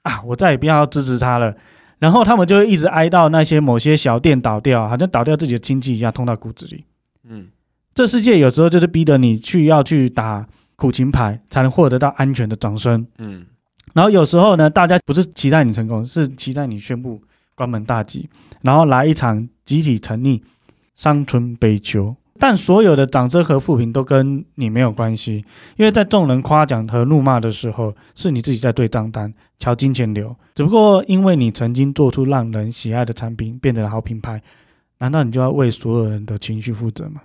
啊！我再也不要支持他了。然後他們就會一直哀悼那些某些小店倒掉，好像倒掉自己的親戚一樣，痛到骨子裡。嗯，這世界有時候就是逼得你去要去打。苦情牌才能獲得到安全的掌聲，嗯，然後有時候呢，大家不是期待你成功，是期待你宣布關門大吉，然後來一場集體沉溺、傷春悲秋。但所有的掌聲和負評都跟你沒有關係，因為在眾人誇獎和怒罵的時候，是你自己在對賬單、瞧金錢流。只不過因為你曾經做出讓人喜愛的產品，變成了好品牌，難道你就要為所有人的情緒負責嗎？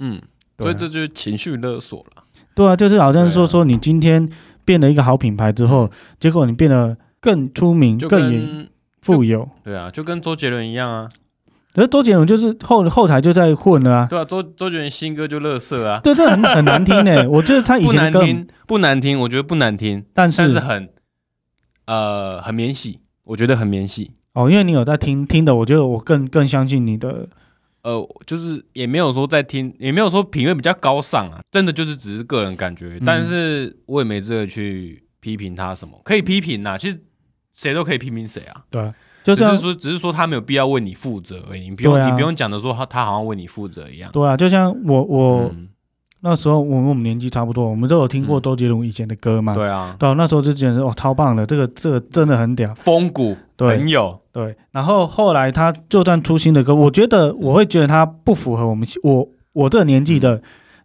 嗯，對啊、所以這就是情緒勒索了。對啊，就是好像是說說你今天變了一個好品牌之後，啊、結果你變得更出名、跟更富有。對啊，就跟周杰倫一樣啊。可是周杰倫就是後後台就在混了啊。對啊，周周杰倫新歌就垃圾啊。對，這很很難聽誒。 我覺得他以前的歌不難聽，不難聽，我覺得不難聽，但是，但是很呃很免洗，我覺得很免洗。哦，因為你有在聽聽的，我覺得我更更相信你的。呃，就是也沒有說在聽，也沒有說品味比較高尚啊，真的就是只是個人感覺，嗯、但是我也沒資格去批評他什麼，可以批評吶、啊，其實誰都可以批評誰啊，對啊，就是、這樣是說，只是說他沒有必要為你負責而、欸、已，你不用，啊、你不用講的說他，他好像為你負責一樣，對啊，就像我我、嗯、那時候我們我們年紀差不多，我們都有聽過周杰倫以前的歌嘛，對啊，對啊，那時候就覺得哇、哦、超棒的，這個這個真的很屌，風骨，對，很有。對，然後後來他就算出新的歌，我覺得我會覺得他不符合我們我我這年紀的、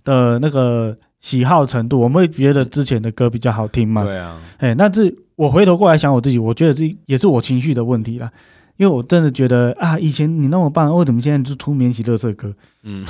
嗯、的那個喜好程度，我們會覺得之前的歌比較好聽嘛、嗯。對啊，哎，那是我回頭過來想我自己，我覺得這也是我情緒的問題啦，因為我真的覺得啊，以前你那麼棒，為什麼現在就出免洗垃圾歌？嗯，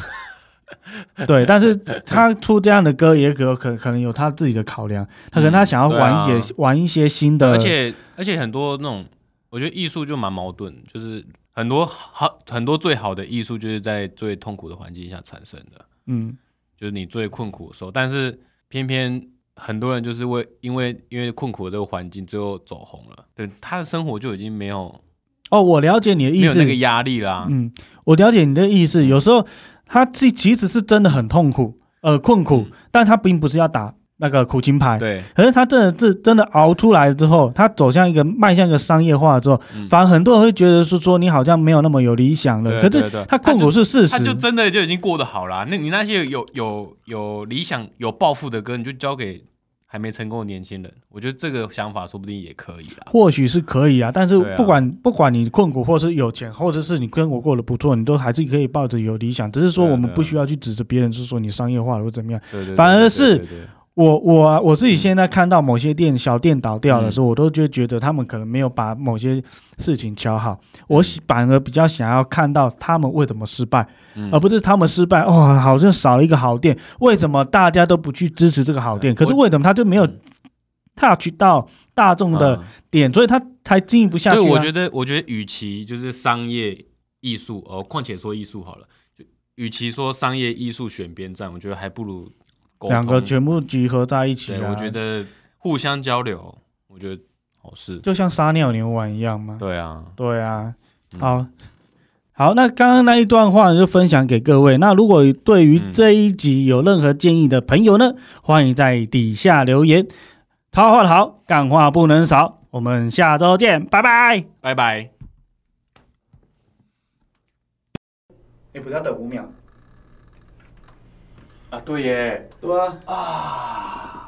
對，但是他出這樣的歌也可可可能有他自己的考量，他可能他想要玩一些、嗯啊、玩一些新的，啊、而且而且很多那種。我覺得藝術就蠻矛盾，就是很多好很多最好的藝術就是在最痛苦的環境下產生的，嗯，就是你最困苦的時候，但是偏偏很多人就是為因為因為困苦的這個環境最後走紅了，對，他的生活就已經沒有哦，我了解你的意思，那個壓力啦、啊，嗯，我了解你的意思，有時候他其其實是真的很痛苦，呃，困苦，嗯、但他並不是要打。那個苦情牌，對，可是他真的真的熬出來之後，他走向一個邁向一個商業化之後，反而很多人會覺得是說你好像沒有那麼有理想了。可是他困苦是事實，他就真的就已經過得好了。那你那些有有有理想、有抱負的歌，你就交給還沒成功的年輕人。我覺得這個想法說不定也可以啊。或許是可以啊，但是不管不管你困苦，或是有錢，或者是你困苦過得不錯，你都還是可以抱着有理想。只是說我們不需要去指責別人，是說你商業化了或怎麼樣，反而是。我我我自己現在看到某些店、嗯、小店倒掉的時候，嗯、我都就覺得他們可能沒有把某些事情調好。嗯、我反而比較想要看到他們為什麼失敗，嗯、而不是他們失敗哦，好像少了一個好店，為什麼大家都不去支持這個好店？嗯、可是為什麼他就沒有 touch 到大眾的點，嗯嗯嗯、所以他才經營不下去、啊？對，我覺得，我覺得，與其就是商業藝術，呃、哦，況且說藝術好了，就與其說商業藝術選邊站，我覺得還不如。兩個全部集合在一起、啊，我覺得互相交流，我覺得好事，就像撒尿牛丸一樣嘛。對啊，對啊，嗯、好好，那剛剛那一段話就分享給各位。那如果對於這一集有任何建議的朋友呢，嗯、歡迎在底下留言。超話好，幹話不能少。我們下周見，拜拜，拜拜。你、欸、不要等五秒。啊，對耶，對吧哇啊。